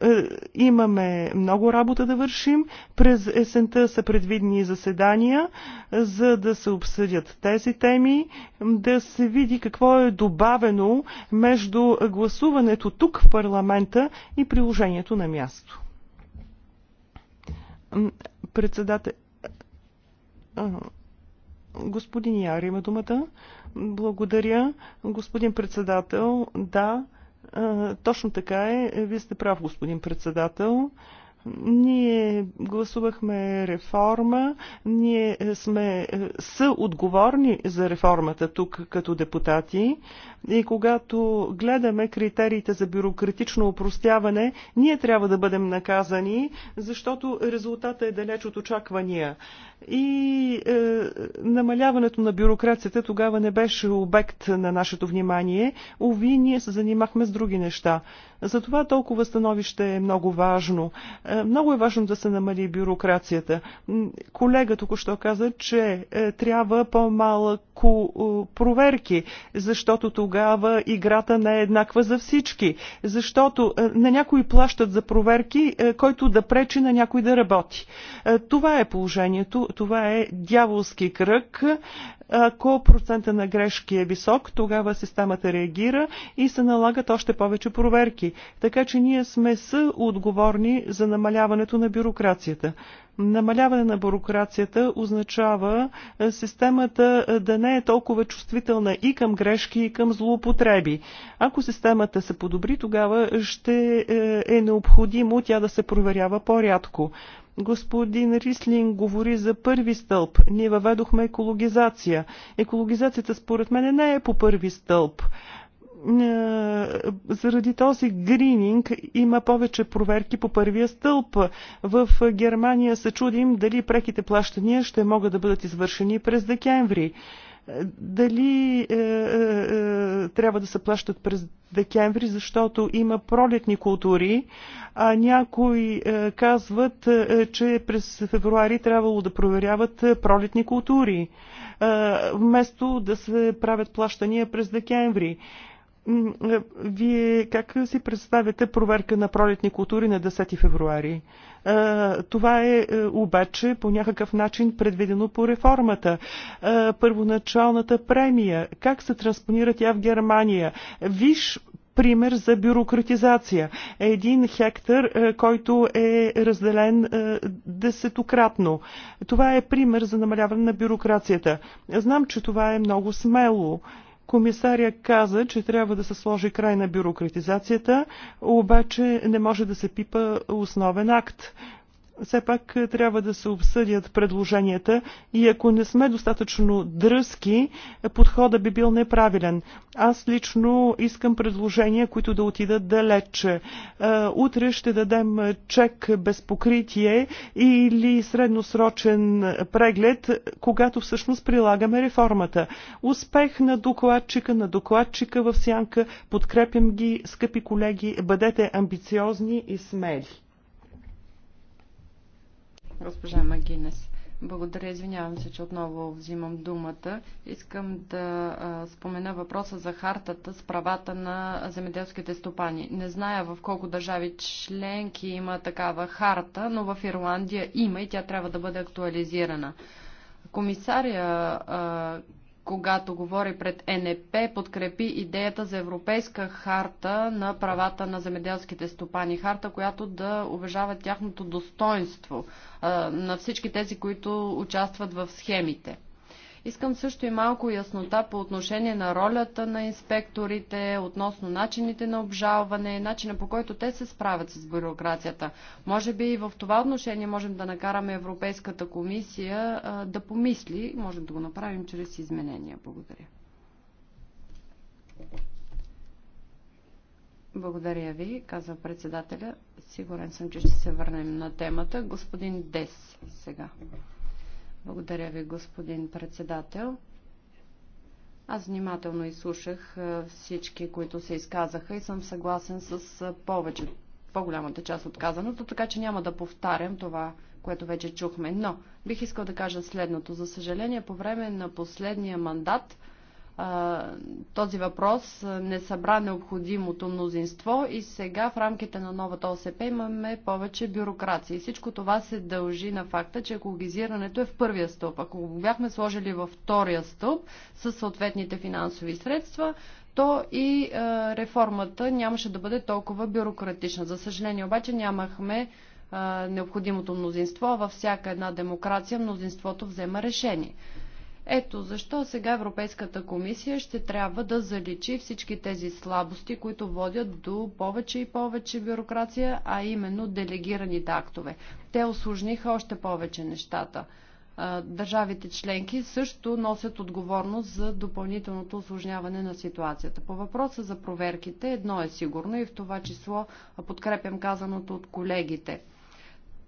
Е, имаме много работа да вършим. През есента са предвидни заседания, за да се обсъдят тези теми, да се види какво е добавено между гласуването тук в парламента и приложението на място. Председател. Господин Яр има думата. Благодаря. Господин председател, да. Е, точно така е. Вие сте прав, господин председател. Ние гласувахме реформа, ние е, сме е, съотговорни за реформата тук като депутати и когато гледаме критериите за бюрократично упростяване, ние трябва да бъдем наказани, защото резултата е далеч от очаквания. И е, намаляването на бюрокрацията тогава не беше обект на нашето внимание. Ови, ние се занимахме с други неща. Затова толкова становище е много важно. Е, е, много е важно да се намали бюрокрацията. Колега току-що каза, че е, трябва по-малко е, проверки, защото тогава играта не е еднаква за всички. Защото на някои плащат за проверки, който да пречи на някой да работи. Това е положението, това е дяволски кръг. Ако процента на грешки е висок, тогава системата реагира и се налагат още повече проверки. Така че ние сме са отговорни за намаляването на бюрокрацията. Намаляване на бюрокрацията означава е, системата е, да не е толкова чувствителна и към грешки, и към злоупотреби. Ако системата се подобри, тогава ще е, е необходимо тя да се проверява по-рядко. Господин Рислин говори за първи стълб. Ние въведохме екологизация. Екологизацията според мен не е по първи стълб е, заради този грининг има повече проверки по първия стълб. В Германия се чудим дали преките плащания ще могат да бъдат извършени през декември дали е, е, е, трябва да се плащат през декември, защото има пролетни култури, а някои е, казват, е, че през февруари трябвало да проверяват е, пролетни култури, е, вместо да се правят плащания през декември. Е, е, вие как си представяте проверка на пролетни култури на 10 февруари? Е, това е, е обаче по някакъв начин предвидено по реформата. Първоначалната премия, как се транспонира тя в Германия? Виж пример за бюрократизация. Един хектар, който е разделен десетократно. Това е пример за намаляване на бюрокрацията. Знам, че това е много смело Комисаря каза, че трябва да се сложи край на бюрократизацията, обаче не може да се пипа основен акт все пак е, трябва да се обсъдят предложенията и ако не сме достатъчно дръзки, е, подхода би бил неправилен. Аз лично искам предложения, които да отидат далече. Е, утре ще дадем чек без покритие или средносрочен преглед, когато всъщност прилагаме реформата. Успех на докладчика, на докладчика в сянка. Подкрепям ги, скъпи колеги, бъдете амбициозни и смели госпожа Магинес. Благодаря, извинявам се, че отново взимам думата. Искам да а, спомена въпроса за хартата с правата на земеделските стопани. Не зная в колко държави членки има такава харта, но в Ирландия има и тя трябва да бъде актуализирана. Комисария а, когато говори пред НП, подкрепи идеята за Европейска харта на правата на земеделските стопани. Харта, която да уважава тяхното достоинство на всички тези, които участват в схемите. Искам също и малко яснота по отношение на ролята на инспекторите, относно начините на обжалване, начина по който те се справят с бюрокрацията. Може би и в това отношение можем да накараме Европейската комисия да помисли, можем да го направим чрез изменения. Благодаря. Благодаря ви, казва председателя. Сигурен съм, че ще се върнем на темата. Господин Дес сега. Благодаря ви, господин председател. Аз внимателно изслушах всички, които се изказаха и съм съгласен с повече, по-голямата част от казаното, така че няма да повтарям това, което вече чухме. Но бих искал да кажа следното. За съжаление, по време на последния мандат този въпрос не събра необходимото мнозинство и сега в рамките на новата ОСП имаме повече бюрокрация. И всичко това се дължи на факта, че екологизирането е в първия стълб. Ако го бяхме сложили във втория стълб с съответните финансови средства, то и реформата нямаше да бъде толкова бюрократична. За съжаление обаче нямахме необходимото мнозинство. Във всяка една демокрация мнозинството взема решение. Ето защо сега Европейската комисия ще трябва да заличи всички тези слабости, които водят до повече и повече бюрокрация, а именно делегираните актове. Те осложниха още повече нещата. Държавите членки също носят отговорност за допълнителното осложняване на ситуацията. По въпроса за проверките едно е сигурно и в това число подкрепям казаното от колегите –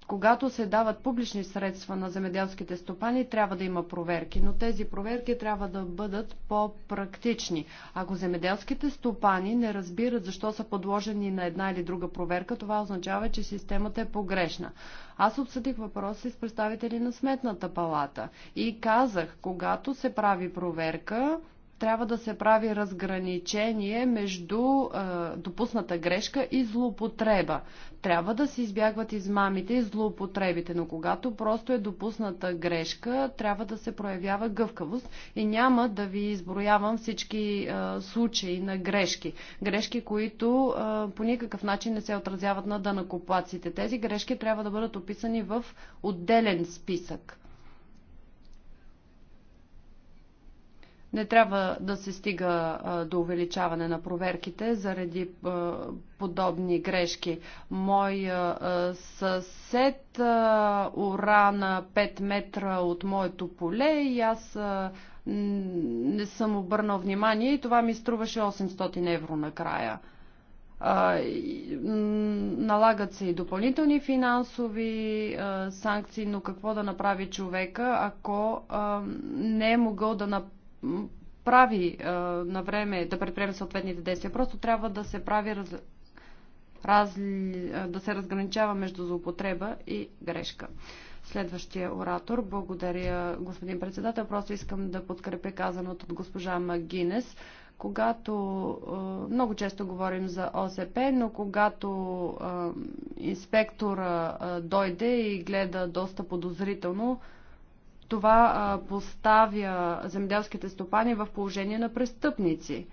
когато се дават публични средства на земеделските стопани, трябва да има проверки, но тези проверки трябва да бъдат по-практични. Ако земеделските стопани не разбират защо са подложени на една или друга проверка, това означава, че системата е погрешна. Аз обсъдих въпроси с представители на Сметната палата и казах, когато се прави проверка, трябва да се прави разграничение между е, допусната грешка и злоупотреба. Трябва да се избягват измамите и злоупотребите, но когато просто е допусната грешка, трябва да се проявява гъвкавост и няма да ви изброявам всички е, случаи на грешки. Грешки, които е, по никакъв начин не се отразяват на данакоплаците. Тези грешки трябва да бъдат описани в отделен списък. Не трябва да се стига до увеличаване на проверките заради подобни грешки. Мой съсед ора на 5 метра от моето поле и аз не съм обърнал внимание и това ми струваше 800 евро накрая. Налагат се и допълнителни финансови санкции, но какво да направи човека, ако не е могъл да направи прави на време, да предприеме съответните действия. Просто трябва да се прави раз... Раз... да се разграничава между злоупотреба и грешка. Следващия оратор. Благодаря, господин председател. Просто искам да подкрепя казаното от госпожа Магинес когато много често говорим за ОСП, но когато инспектора дойде и гледа доста подозрително, това поставя земеделските стопани в положение на престъпници.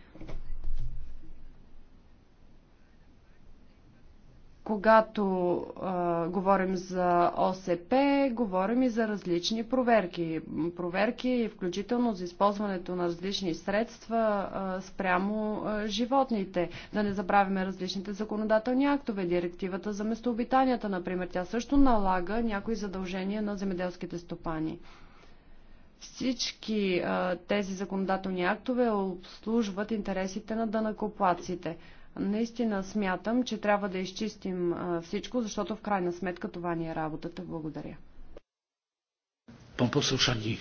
когато а, говорим за ОСП, говорим и за различни проверки. Проверки, включително за използването на различни средства а, спрямо а, животните. Да не забравяме различните законодателни актове. Директивата за местообитанията, например, тя също налага някои задължения на земеделските стопани. Всички а, тези законодателни актове обслужват интересите на дънакоплаците. Наистина смятам, че трябва да изчистим а, всичко, защото в крайна сметка това ни е работата. Благодаря. Пан Шани.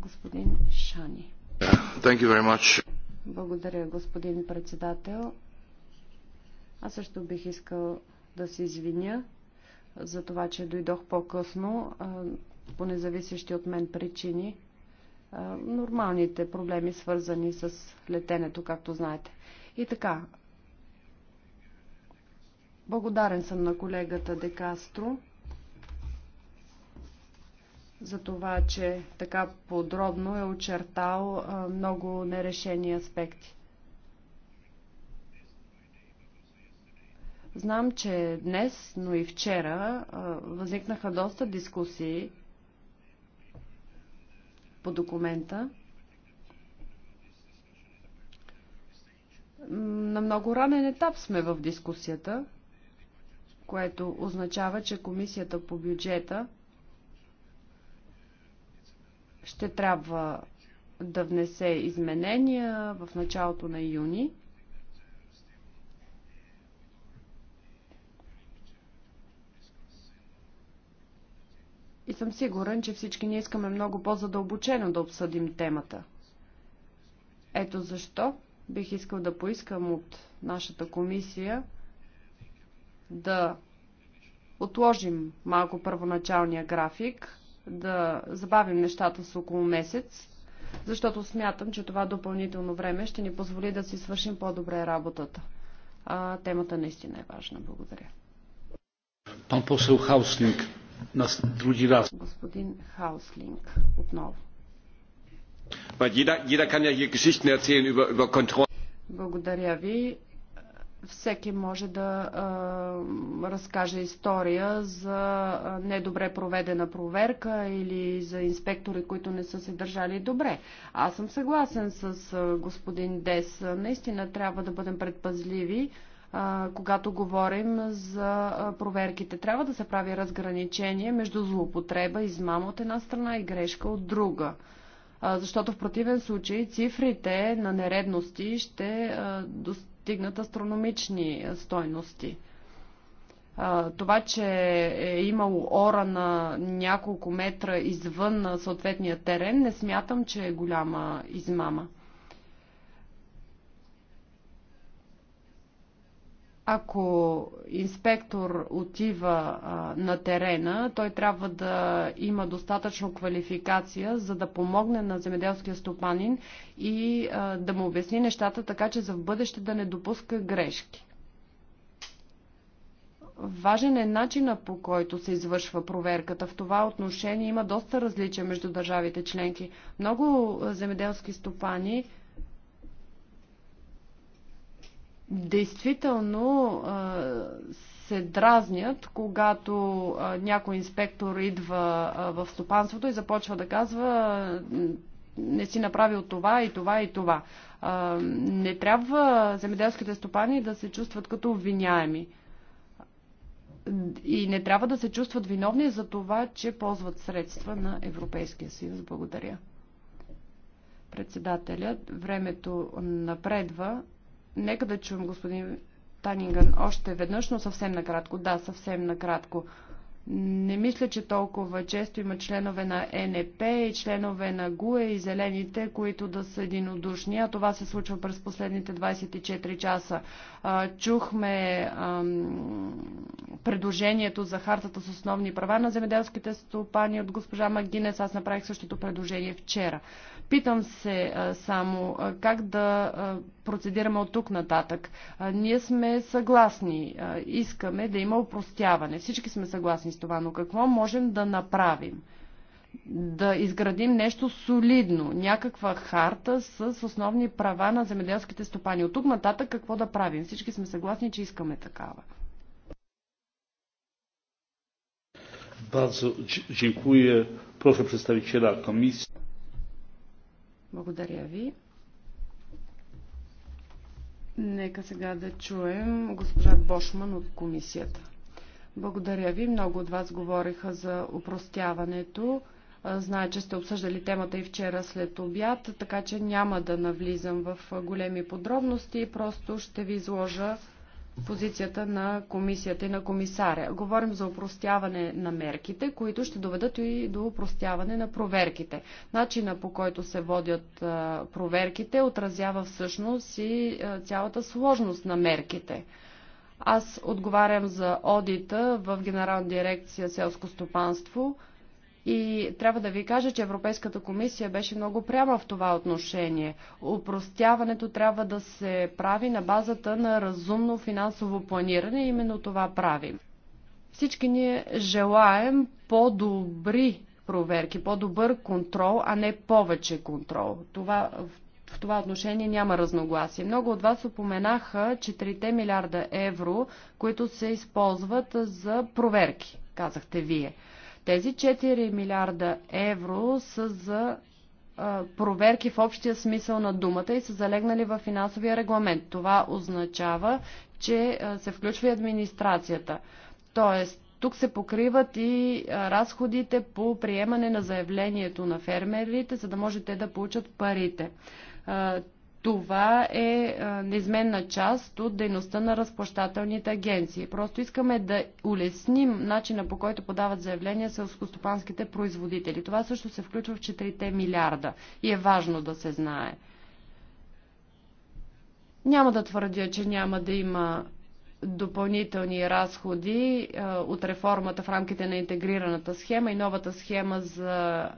Господин Шани. Thank you very much. Благодаря, господин председател. Аз също бих искал да се извиня за това, че дойдох по-късно по независещи от мен причини нормалните проблеми, свързани с летенето, както знаете. И така, благодарен съм на колегата Декастро за това, че така подробно е очертал много нерешени аспекти. Знам, че днес, но и вчера възникнаха доста дискусии по документа. На много ранен етап сме в дискусията, което означава, че комисията по бюджета ще трябва да внесе изменения в началото на юни. И съм сигурен, че всички ние искаме много по-задълбочено да обсъдим темата. Ето защо бих искал да поискам от нашата комисия да отложим малко първоначалния график, да забавим нещата с около месец, защото смятам, че това допълнително време ще ни позволи да си свършим по-добре работата. А, темата наистина е важна. Благодаря. Пан посел Хауслинг на други раз. Господин Хауслинг, отново. Благодаря ви. Всеки може да а, разкаже история за недобре проведена проверка или за инспектори, които не са се държали добре. Аз съм съгласен с господин Дес. Наистина трябва да бъдем предпазливи когато говорим за проверките. Трябва да се прави разграничение между злоупотреба, измама от една страна и грешка от друга. Защото в противен случай цифрите на нередности ще достигнат астрономични стойности това, че е имало ора на няколко метра извън съответния терен, не смятам, че е голяма измама. ако инспектор отива а, на терена, той трябва да има достатъчно квалификация, за да помогне на земеделския стопанин и а, да му обясни нещата така, че за в бъдеще да не допуска грешки. Важен е начина по който се извършва проверката. В това отношение има доста различия между държавите членки. Много земеделски стопани действително се дразнят, когато някой инспектор идва в стопанството и започва да казва не си направил това и това и това. Не трябва земеделските стопани да се чувстват като обвиняеми. И не трябва да се чувстват виновни за това, че ползват средства на Европейския съюз. Благодаря. Председателят, времето напредва. Нека да чуем господин Танинган още веднъж, но съвсем накратко. Да, съвсем накратко. Не мисля, че толкова често има членове на НП и членове на ГУЕ и зелените, които да са единодушни, а това се случва през последните 24 часа. чухме предложението за хартата с основни права на земеделските стопани от госпожа Магинес. Аз направих същото предложение вчера. Питам се само как да процедираме от тук нататък. Ние сме съгласни, искаме да има упростяване. Всички сме съгласни с това, но какво можем да направим? да изградим нещо солидно, някаква харта с основни права на земеделските стопани. От тук нататък какво да правим? Всички сме съгласни, че искаме такава. Bardzo dziękuję. Proszę przedstawiciela komisji. Благодаря ви. Нека сега да чуем госпожа Бошман от комисията. Благодаря ви. Много от вас говориха за упростяването. Знае, че сте обсъждали темата и вчера след обяд, така че няма да навлизам в големи подробности. Просто ще ви изложа позицията на комисията и на комисаря. Говорим за упростяване на мерките, които ще доведат и до упростяване на проверките. Начина по който се водят проверките отразява всъщност и цялата сложност на мерките. Аз отговарям за одита в Генерална дирекция селско стопанство – и трябва да ви кажа, че Европейската комисия беше много пряма в това отношение. Упростяването трябва да се прави на базата на разумно финансово планиране. Именно това правим. Всички ние желаем по-добри проверки, по-добър контрол, а не повече контрол. Това, в това отношение няма разногласие. Много от вас упоменаха 4 милиарда евро, които се използват за проверки, казахте вие. Тези 4 милиарда евро са за проверки в общия смисъл на думата и са залегнали в финансовия регламент. Това означава, че се включва и администрацията. Тоест, тук се покриват и разходите по приемане на заявлението на фермерите, за да може да получат парите това е, е неизменна част от дейността на разплащателните агенции. Просто искаме да улесним начина по който подават заявления селскостопанските производители. Това също се включва в 4 милиарда и е важно да се знае. Няма да твърдя, че няма да има допълнителни разходи от реформата в рамките на интегрираната схема и новата схема за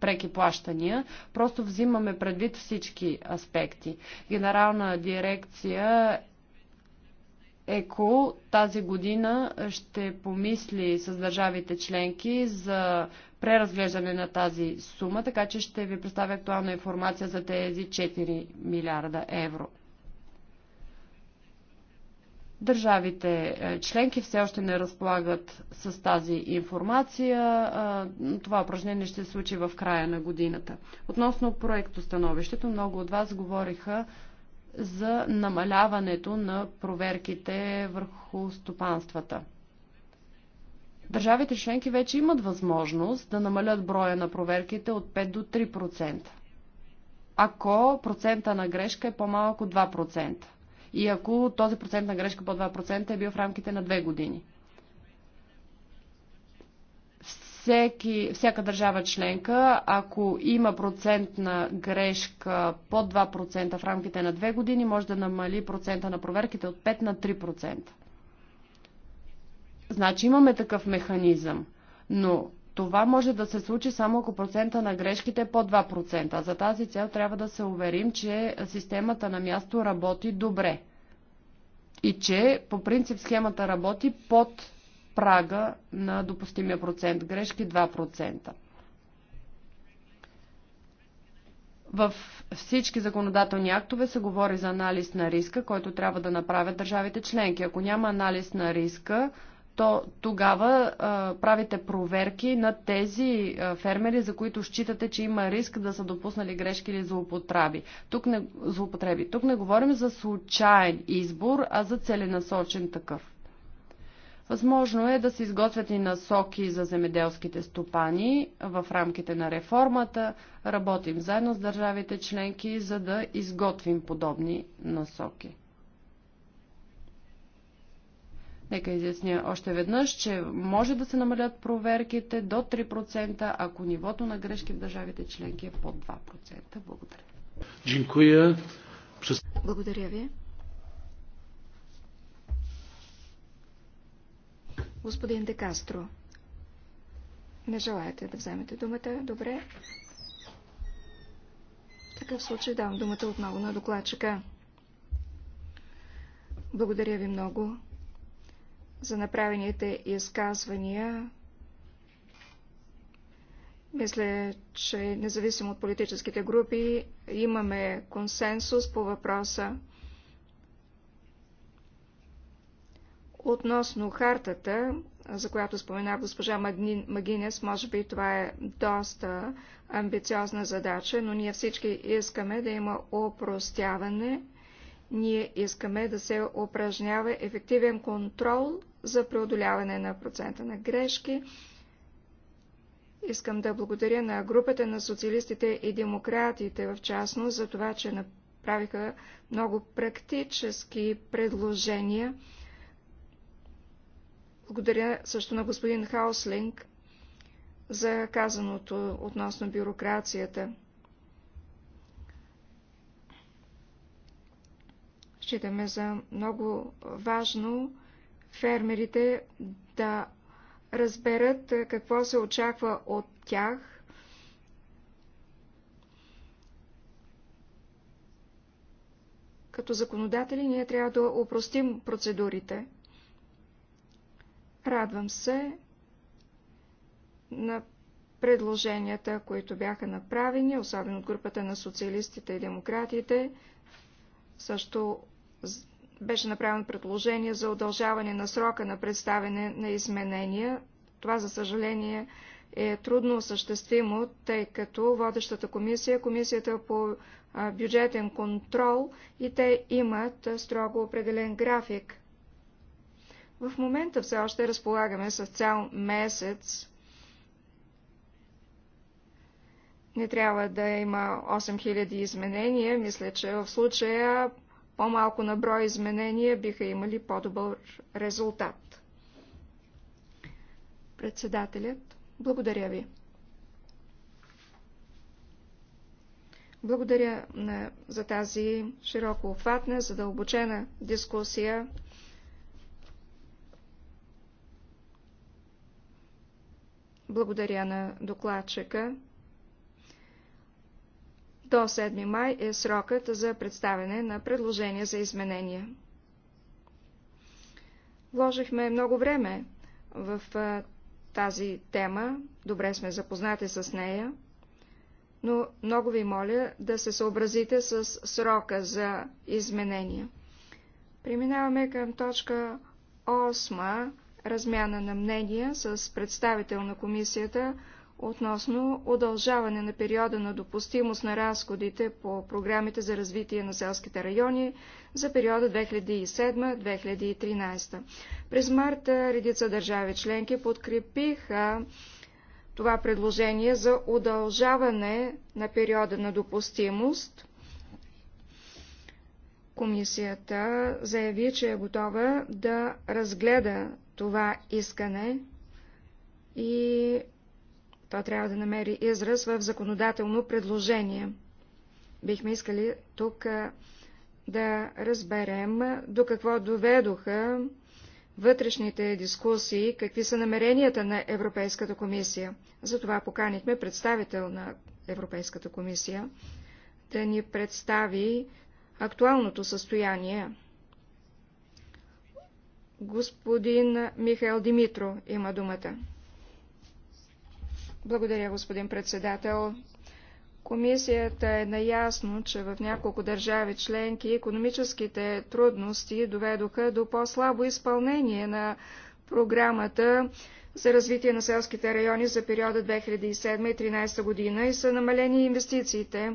преки плащания. Просто взимаме предвид всички аспекти. Генерална дирекция ЕКО тази година ще помисли с държавите членки за преразглеждане на тази сума, така че ще ви представя актуална информация за тези 4 милиарда евро. Държавите е, членки все още не разполагат с тази информация. Това упражнение ще се случи в края на годината. Относно проектостановището, много от вас говориха за намаляването на проверките върху стопанствата. Държавите членки вече имат възможност да намалят броя на проверките от 5 до 3%, ако процента на грешка е по малко 2% и ако този процент на грешка по 2% е бил в рамките на 2 години. Всеки, всяка държава членка, ако има процент на грешка по 2% в рамките на 2 години, може да намали процента на проверките от 5 на 3%. Значи имаме такъв механизъм, но това може да се случи само ако процента на грешките е по 2%. За тази цел трябва да се уверим, че системата на място работи добре и че по принцип схемата работи под прага на допустимия процент грешки 2%. В всички законодателни актове се говори за анализ на риска, който трябва да направят държавите членки. Ако няма анализ на риска, то тогава а, правите проверки на тези а, фермери, за които считате, че има риск да са допуснали грешки или злоупотреби. Тук не, злоупотреби. Тук не говорим за случайен избор, а за целенасочен такъв. Възможно е да се изготвят и насоки за земеделските стопани в рамките на реформата. Работим заедно с държавите членки, за да изготвим подобни насоки. Нека изясня още веднъж, че може да се намалят проверките до 3%, ако нивото на грешки в държавите членки е под 2%. Благодаря. Джинкуя. Благодаря ви. Господин Декастро, не желаете да вземете думата? Добре. В такъв случай давам думата отново на докладчика. Благодаря ви много за направените изказвания. Мисля, че независимо от политическите групи, имаме консенсус по въпроса относно хартата, за която спомена госпожа Магинес. Може би това е доста амбициозна задача, но ние всички искаме да има опростяване – ние искаме да се упражнява ефективен контрол за преодоляване на процента на грешки. Искам да благодаря на групата на социалистите и демократите в частност за това, че направиха много практически предложения. Благодаря също на господин Хауслинг за казаното относно бюрокрацията. Считаме за много важно фермерите да разберат какво се очаква от тях Като законодатели ние трябва да упростим процедурите. Радвам се на предложенията, които бяха направени, особено от групата на социалистите и демократите, също беше направено предложение за удължаване на срока на представяне на изменения. Това, за съжаление, е трудно осъществимо, тъй като водещата комисия, е комисията по бюджетен контрол и те имат строго определен график. В момента все още разполагаме с цял месец. Не трябва да има 8000 изменения. Мисля, че в случая по-малко на брой изменения биха имали по-добър резултат. Председателят, благодаря ви. Благодаря за тази широко обхватна, задълбочена дискусия. Благодаря на докладчика. До 7 май е срокът за представяне на предложения за изменения. Вложихме много време в тази тема, добре сме запознати с нея, но много ви моля да се съобразите с срока за изменения. Преминаваме към точка 8, размяна на мнения с представител на комисията относно удължаване на периода на допустимост на разходите по програмите за развитие на селските райони за периода 2007-2013. През марта редица държави членки подкрепиха това предложение за удължаване на периода на допустимост. Комисията заяви, че е готова да разгледа това искане и това трябва да намери израз в законодателно предложение. Бихме искали тук да разберем до какво доведоха вътрешните дискусии, какви са намеренията на Европейската комисия. Затова поканихме представител на Европейската комисия да ни представи актуалното състояние. Господин Михаил Димитро има думата. Благодаря, господин председател. Комисията е наясно, че в няколко държави членки економическите трудности доведоха до по-слабо изпълнение на програмата за развитие на селските райони за периода 2007-2013 година и са намалени инвестициите.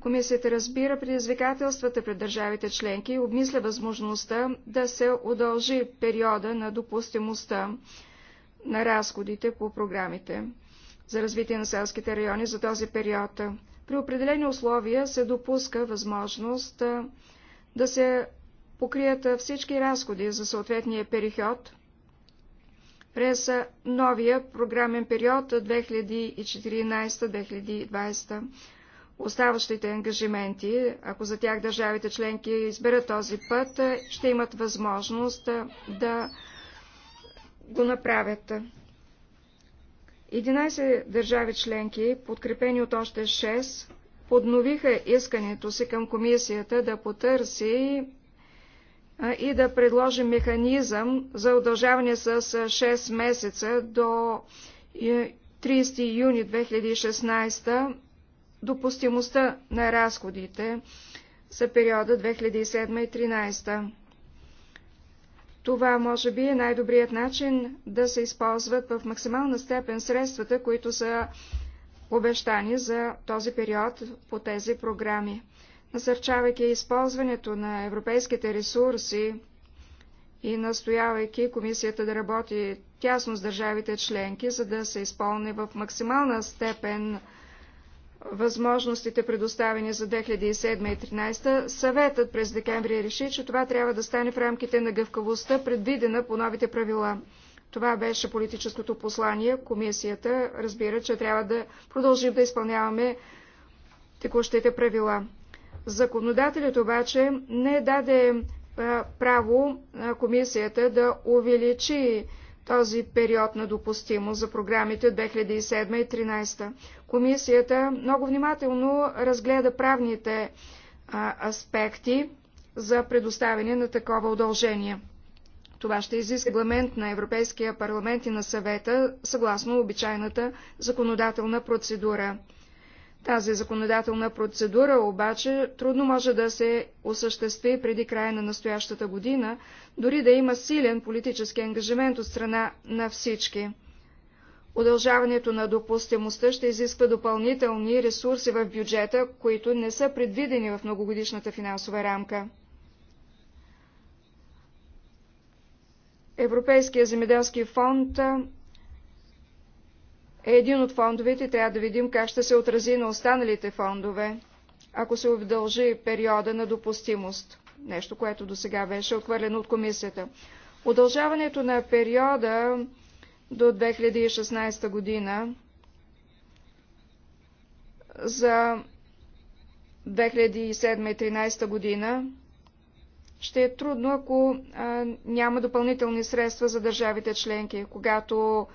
Комисията разбира предизвикателствата пред държавите членки и обмисля възможността да се удължи периода на допустимостта на разходите по програмите за развитие на селските райони за този период. При определени условия се допуска възможност да се покрият всички разходи за съответния период през новия програмен период 2014-2020. Оставащите ангажименти, ако за тях държавите членки изберат този път, ще имат възможност да го направят. 11 държави членки, подкрепени от още 6, подновиха искането си към комисията да потърси и да предложи механизъм за удължаване с 6 месеца до 30 юни 2016 допустимостта на разходите за периода 2007-2013. Това може би е най-добрият начин да се използват в максимална степен средствата, които са обещани за този период по тези програми. Насърчавайки използването на европейските ресурси и настоявайки комисията да работи тясно с държавите членки, за да се изпълни в максимална степен възможностите предоставени за 2007 и 2013, съветът през декември реши, че това трябва да стане в рамките на гъвкавостта, предвидена по новите правила. Това беше политическото послание. Комисията разбира, че трябва да продължим да изпълняваме текущите правила. Законодателят обаче не даде право на комисията да увеличи този период на допустимост за програмите 2007 и 2013. Комисията много внимателно разгледа правните а, аспекти за предоставяне на такова удължение. Това ще изиска регламент на Европейския парламент и на съвета, съгласно обичайната законодателна процедура. Тази законодателна процедура обаче трудно може да се осъществи преди края на настоящата година, дори да има силен политически ангажимент от страна на всички. Удължаването на допустимостта ще изисква допълнителни ресурси в бюджета, които не са предвидени в многогодишната финансова рамка. Европейския земеделски фонд е един от фондовете и трябва да видим как ще се отрази на останалите фондове, ако се удължи периода на допустимост нещо, което до сега беше отхвърлено от комисията. Удължаването на периода до 2016 година за 2007-2013 година ще е трудно, ако а, няма допълнителни средства за държавите членки. Когато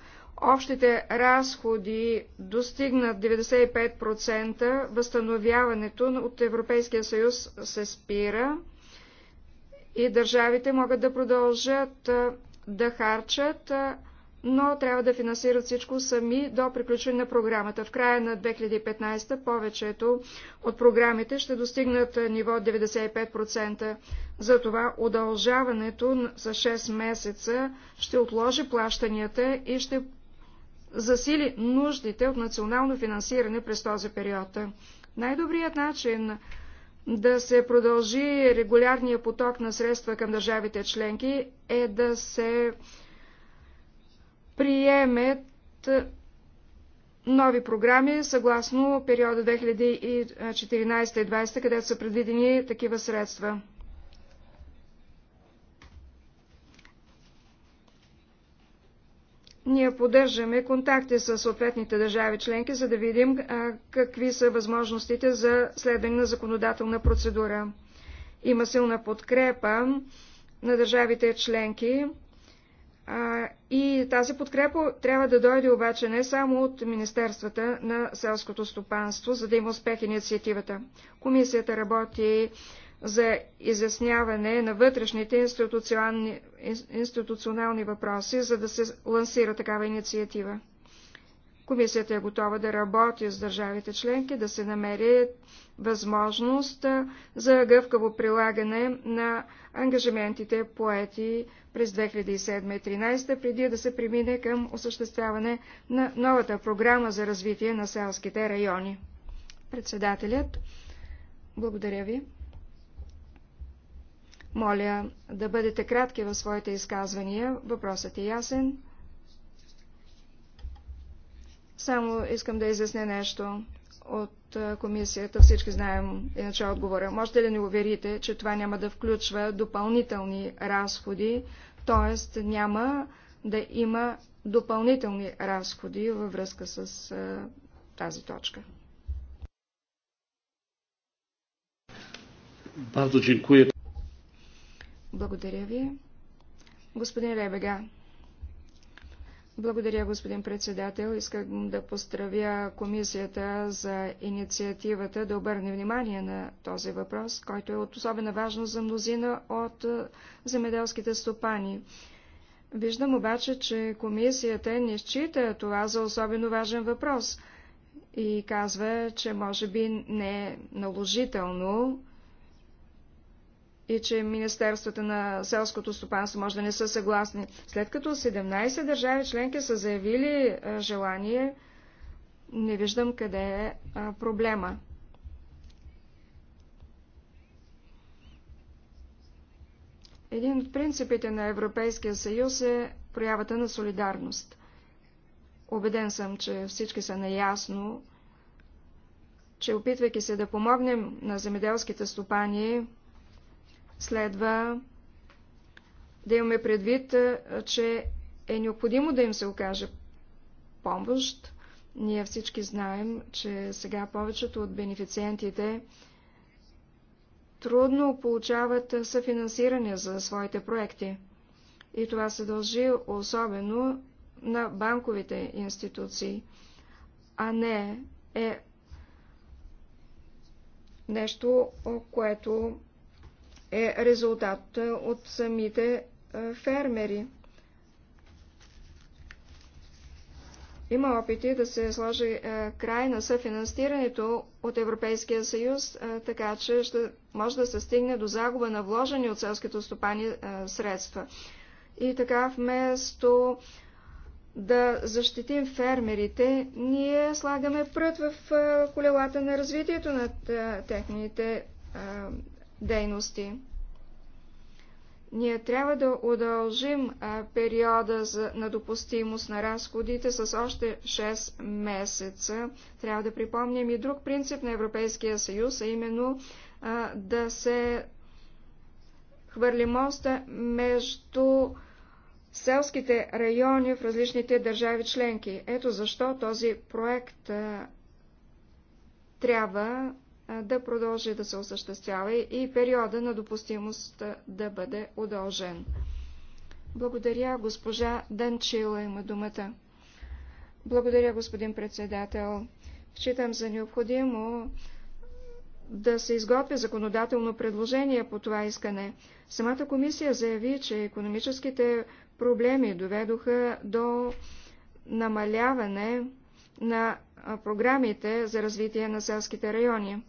общите разходи достигнат 95%, възстановяването от Европейския съюз се спира и държавите могат да продължат да харчат, но трябва да финансират всичко сами до приключване на програмата. В края на 2015 повечето от програмите ще достигнат ниво 95%. Затова удължаването за 6 месеца ще отложи плащанията и ще засили нуждите от национално финансиране през този период. Най-добрият начин да се продължи регулярния поток на средства към държавите членки е да се приемет нови програми съгласно периода 2014-2020, където са предвидени такива средства. Ние поддържаме контакти с съответните държави членки, за да видим а, какви са възможностите за следване на законодателна процедура. Има силна подкрепа на държавите членки а, и тази подкрепа трябва да дойде обаче не само от Министерствата на селското стопанство, за да има успех инициативата. Комисията работи за изясняване на вътрешните институционални, институционални въпроси, за да се лансира такава инициатива. Комисията е готова да работи с държавите членки, да се намери възможност за гъвкаво прилагане на ангажиментите поети през 2007-2013, преди да се премине към осъществяване на новата програма за развитие на селските райони. Председателят, благодаря ви. Моля да бъдете кратки в своите изказвания. Въпросът е ясен. Само искам да изясня нещо от комисията. Всички знаем, иначе отговора. Можете ли ни уверите, че това няма да включва допълнителни разходи, т.е. няма да има допълнителни разходи във връзка с а, тази точка. Bardzo благодаря ви. Господин Ребега. Благодаря, господин председател. Искам да поздравя комисията за инициативата да обърне внимание на този въпрос, който е от особена важност за мнозина от е, земеделските стопани. Виждам обаче, че комисията не счита това за особено важен въпрос и казва, че може би не е наложително и че Министерствата на селското стопанство може да не са съгласни. След като 17 държави членки са заявили е, желание, не виждам къде е проблема. Един от принципите на Европейския съюз е проявата на солидарност. Обеден съм, че всички са наясно, че опитвайки се да помогнем на земеделските стопани, Следва да имаме предвид, че е необходимо да им се окаже помощ. Ние всички знаем, че сега повечето от бенефициентите трудно получават съфинансиране за своите проекти. И това се дължи особено на банковите институции, а не е нещо, което е резултат е, от самите е, фермери. Има опити да се сложи е, край на съфинансирането от Европейския съюз, така че ще, може да се стигне до загуба на вложени от селските стопани средства. И така вместо да защитим фермерите, ние слагаме прът в колелата на развитието на техните дейности. Ние трябва да удължим периода за, на допустимост на разходите с още 6 месеца. Трябва да припомним и друг принцип на Европейския съюз, а именно да се хвърли моста между селските райони в различните държави членки. Ето защо този проект трябва да продължи да се осъществява и периода на допустимост да бъде удължен. Благодаря, госпожа Данчила има думата. Благодаря, господин председател. Считам за необходимо да се изготви законодателно предложение по това искане. Самата комисия заяви, че економическите проблеми доведоха до намаляване на програмите за развитие на селските райони.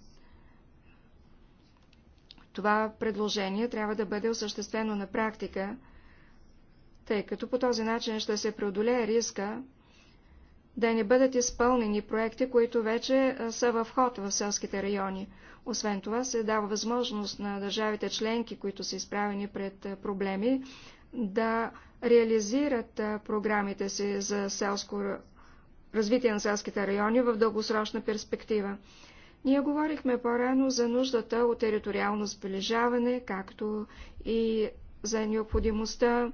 Това предложение трябва да бъде осъществено на практика, тъй като по този начин ще се преодолее риска да не бъдат изпълнени проекти, които вече са в ход в селските райони. Освен това се дава възможност на държавите членки, които са изправени пред проблеми, да реализират програмите си за селско развитие на селските райони в дългосрочна перспектива. Ние говорихме по-рано за нуждата от териториално сближаване, както и за необходимостта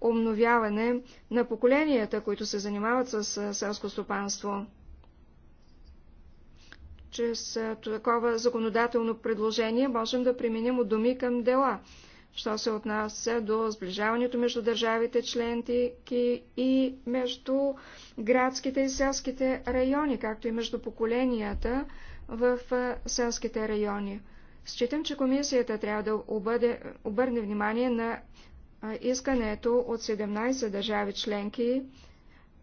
обновяване на поколенията, които се занимават с селско стопанство. Чрез такова законодателно предложение можем да преминем от думи към дела що се отнася до сближаването между държавите членки и между градските и селските райони, както и между поколенията в селските райони. Считам, че комисията трябва да обърне, обърне внимание на искането от 17 държави членки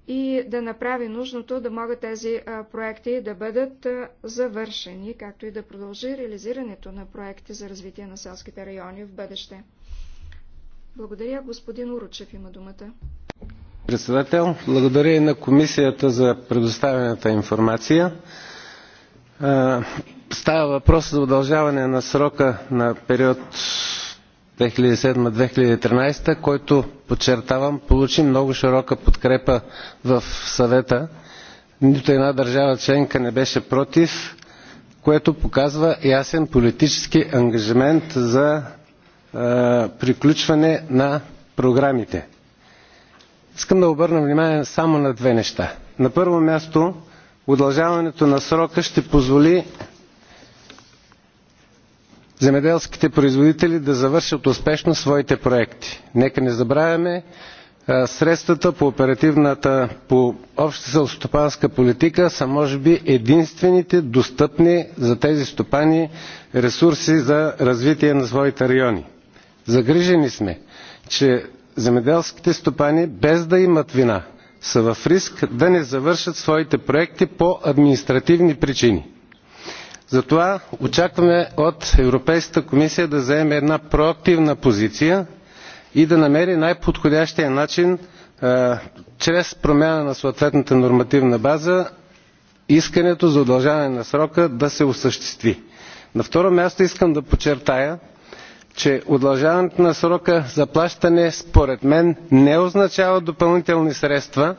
и да направи нужното да могат тези проекти да бъдат завършени, както и да продължи реализирането на проекти за развитие на селските райони в бъдеще. Благодаря. Господин Уручев има думата. Председател, благодаря и на комисията за предоставената информация. Става въпрос за удължаване на срока на период 2007-2013, който, подчертавам, получи много широка подкрепа в съвета. Нито една държава членка не беше против, което показва ясен политически ангажимент за е, приключване на програмите. Искам да обърна внимание само на две неща. На първо място, удължаването на срока ще позволи земеделските производители да завършат успешно своите проекти. Нека не забравяме средствата по оперативната по обща селскостопанска политика са може би единствените достъпни за тези стопани ресурси за развитие на своите райони. Загрижени сме, че земеделските стопани без да имат вина са в риск да не завършат своите проекти по административни причини затова очакваме от европейската комисия да заеме една проактивна позиция и да намери най подходящия начин е, чрез промяна на съответната нормативна база искането за удължаване на срока да се осъществи. На второ място искам да подчертая, че удължаването на срока за плащане според мен не означава допълнителни средства,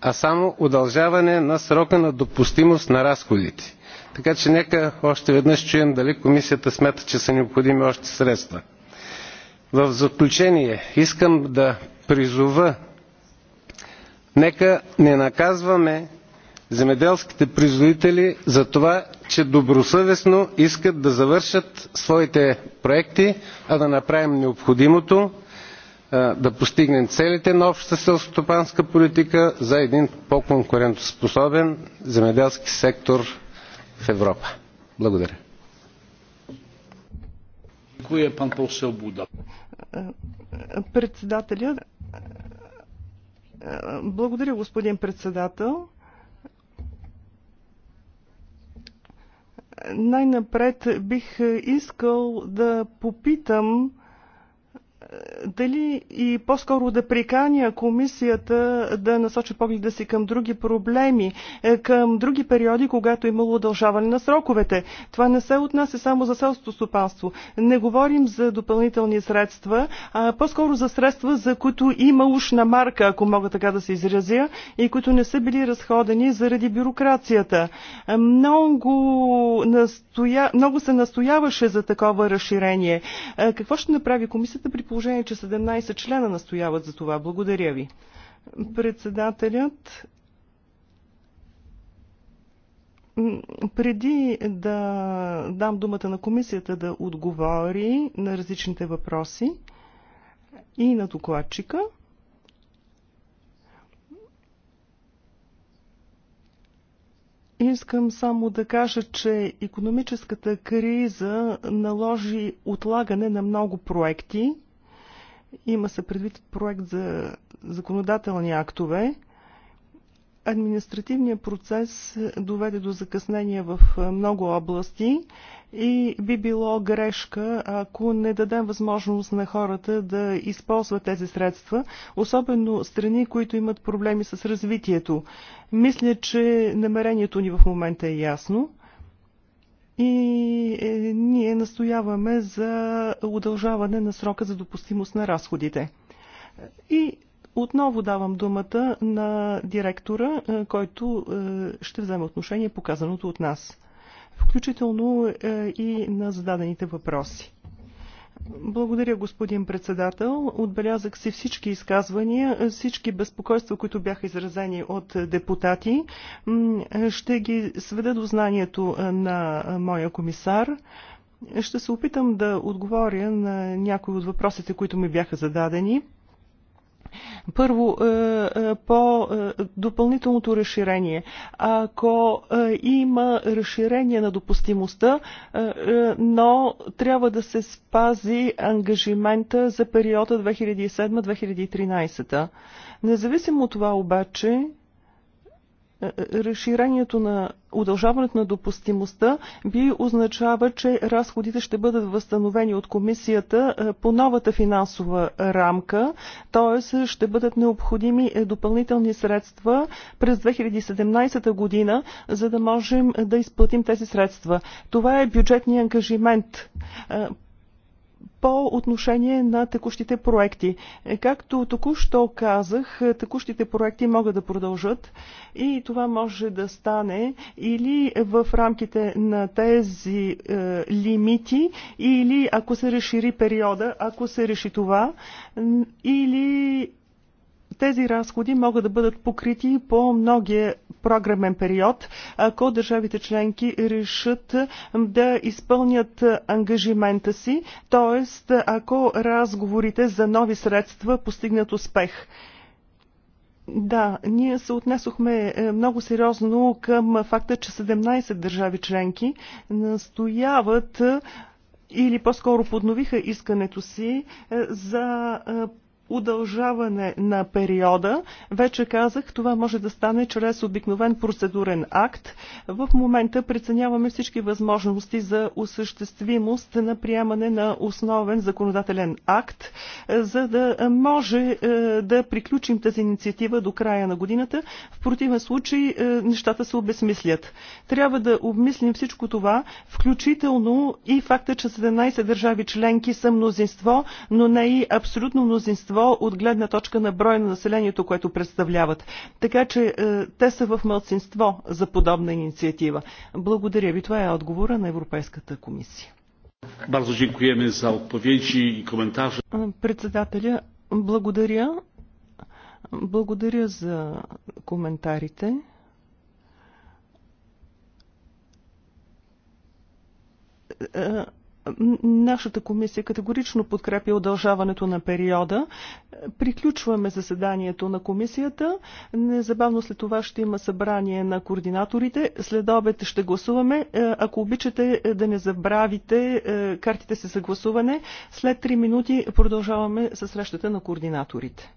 а само удължаване на срока на допустимост на разходите. Така че нека още веднъж чуем дали комисията смята, че са необходими още средства. В заключение искам да призова нека не наказваме земеделските производители за това, че добросъвестно искат да завършат своите проекти, а да направим необходимото да постигнем целите на общата селскостопанска политика за един по-конкурентоспособен земеделски сектор в Европа. Благодаря. Е Председателя. Благодаря, господин председател. Най-напред бих искал да попитам дали и по-скоро да приканя комисията да насочи погледа си към други проблеми, е, към други периоди, когато е имало удължаване на сроковете. Това не се отнася само за селското стопанство. Не говорим за допълнителни средства, а по-скоро за средства, за които има ушна марка, ако мога така да се изразя, и които не са били разходени заради бюрокрацията. Е, много, настоя... Много се настояваше за такова разширение. Какво ще направи комисията при положение, че 17 члена настояват за това. Благодаря ви. Председателят преди да дам думата на комисията да отговори на различните въпроси и на докладчика, Искам само да кажа, че економическата криза наложи отлагане на много проекти, има се предвид проект за законодателни актове. Административният процес доведе до закъснение в много области и би било грешка, ако не дадем възможност на хората да използват тези средства, особено страни, които имат проблеми с развитието. Мисля, че намерението ни в момента е ясно и е, ние настояваме за удължаване на срока за допустимост на разходите. И отново давам думата на директора, е, който е, ще вземе отношение по казаното от нас, включително е, и на зададените въпроси. Благодаря, господин председател. Отбелязах си всички изказвания, всички безпокойства, които бяха изразени от депутати. Ще ги сведа до знанието на моя комисар. Ще се опитам да отговоря на някои от въпросите, които ми бяха зададени. Първо, е, е, по е, допълнителното разширение. Ако има разширение на допустимостта, но трябва да се спази ангажимента за периода 2007-2013. Независимо от това обаче, разширението на удължаването на допустимостта би означава, че разходите ще бъдат възстановени от комисията по новата финансова рамка, т.е. ще бъдат необходими е, допълнителни средства през 2017 година, за да можем да изплатим тези средства. Това е бюджетния ангажимент по отношение на текущите проекти. Е, както току-що казах, е, текущите проекти могат да продължат и това може да стане или в рамките на тези е, лимити, или ако се разшири периода, ако се реши това, или тези разходи могат да бъдат покрити по многия програмен период, ако държавите членки решат да изпълнят ангажимента си, т.е. ако разговорите за нови средства постигнат успех. Да, ние се отнесохме е, много сериозно към факта, че 17 държави членки настояват е, или по-скоро подновиха искането си е, за удължаване на периода. Вече казах, това може да стане чрез обикновен процедурен акт. В момента преценяваме всички възможности за осъществимост на приемане на основен законодателен акт, за да може е, да приключим тази инициатива до края на годината. В противен случай е, нещата се обесмислят. Трябва да обмислим всичко това, включително и факта, че 17 държави членки са мнозинство, но не и абсолютно мнозинство мнозинство от гледна точка на броя на населението, което представляват. Така че е, те са в мълцинство за подобна инициатива. Благодаря ви. Това е отговора на Европейската комисия. Бързо дякуваме за отповеди и komentarze. Е, председателя, благодаря. Благодаря за коментарите. Uh Нашата комисия категорично подкрепи удължаването на периода. Приключваме заседанието на комисията. Незабавно след това ще има събрание на координаторите. След обед ще гласуваме. Е, ако обичате е, да не забравите е, картите си за гласуване, след 3 минути продължаваме с срещата на координаторите.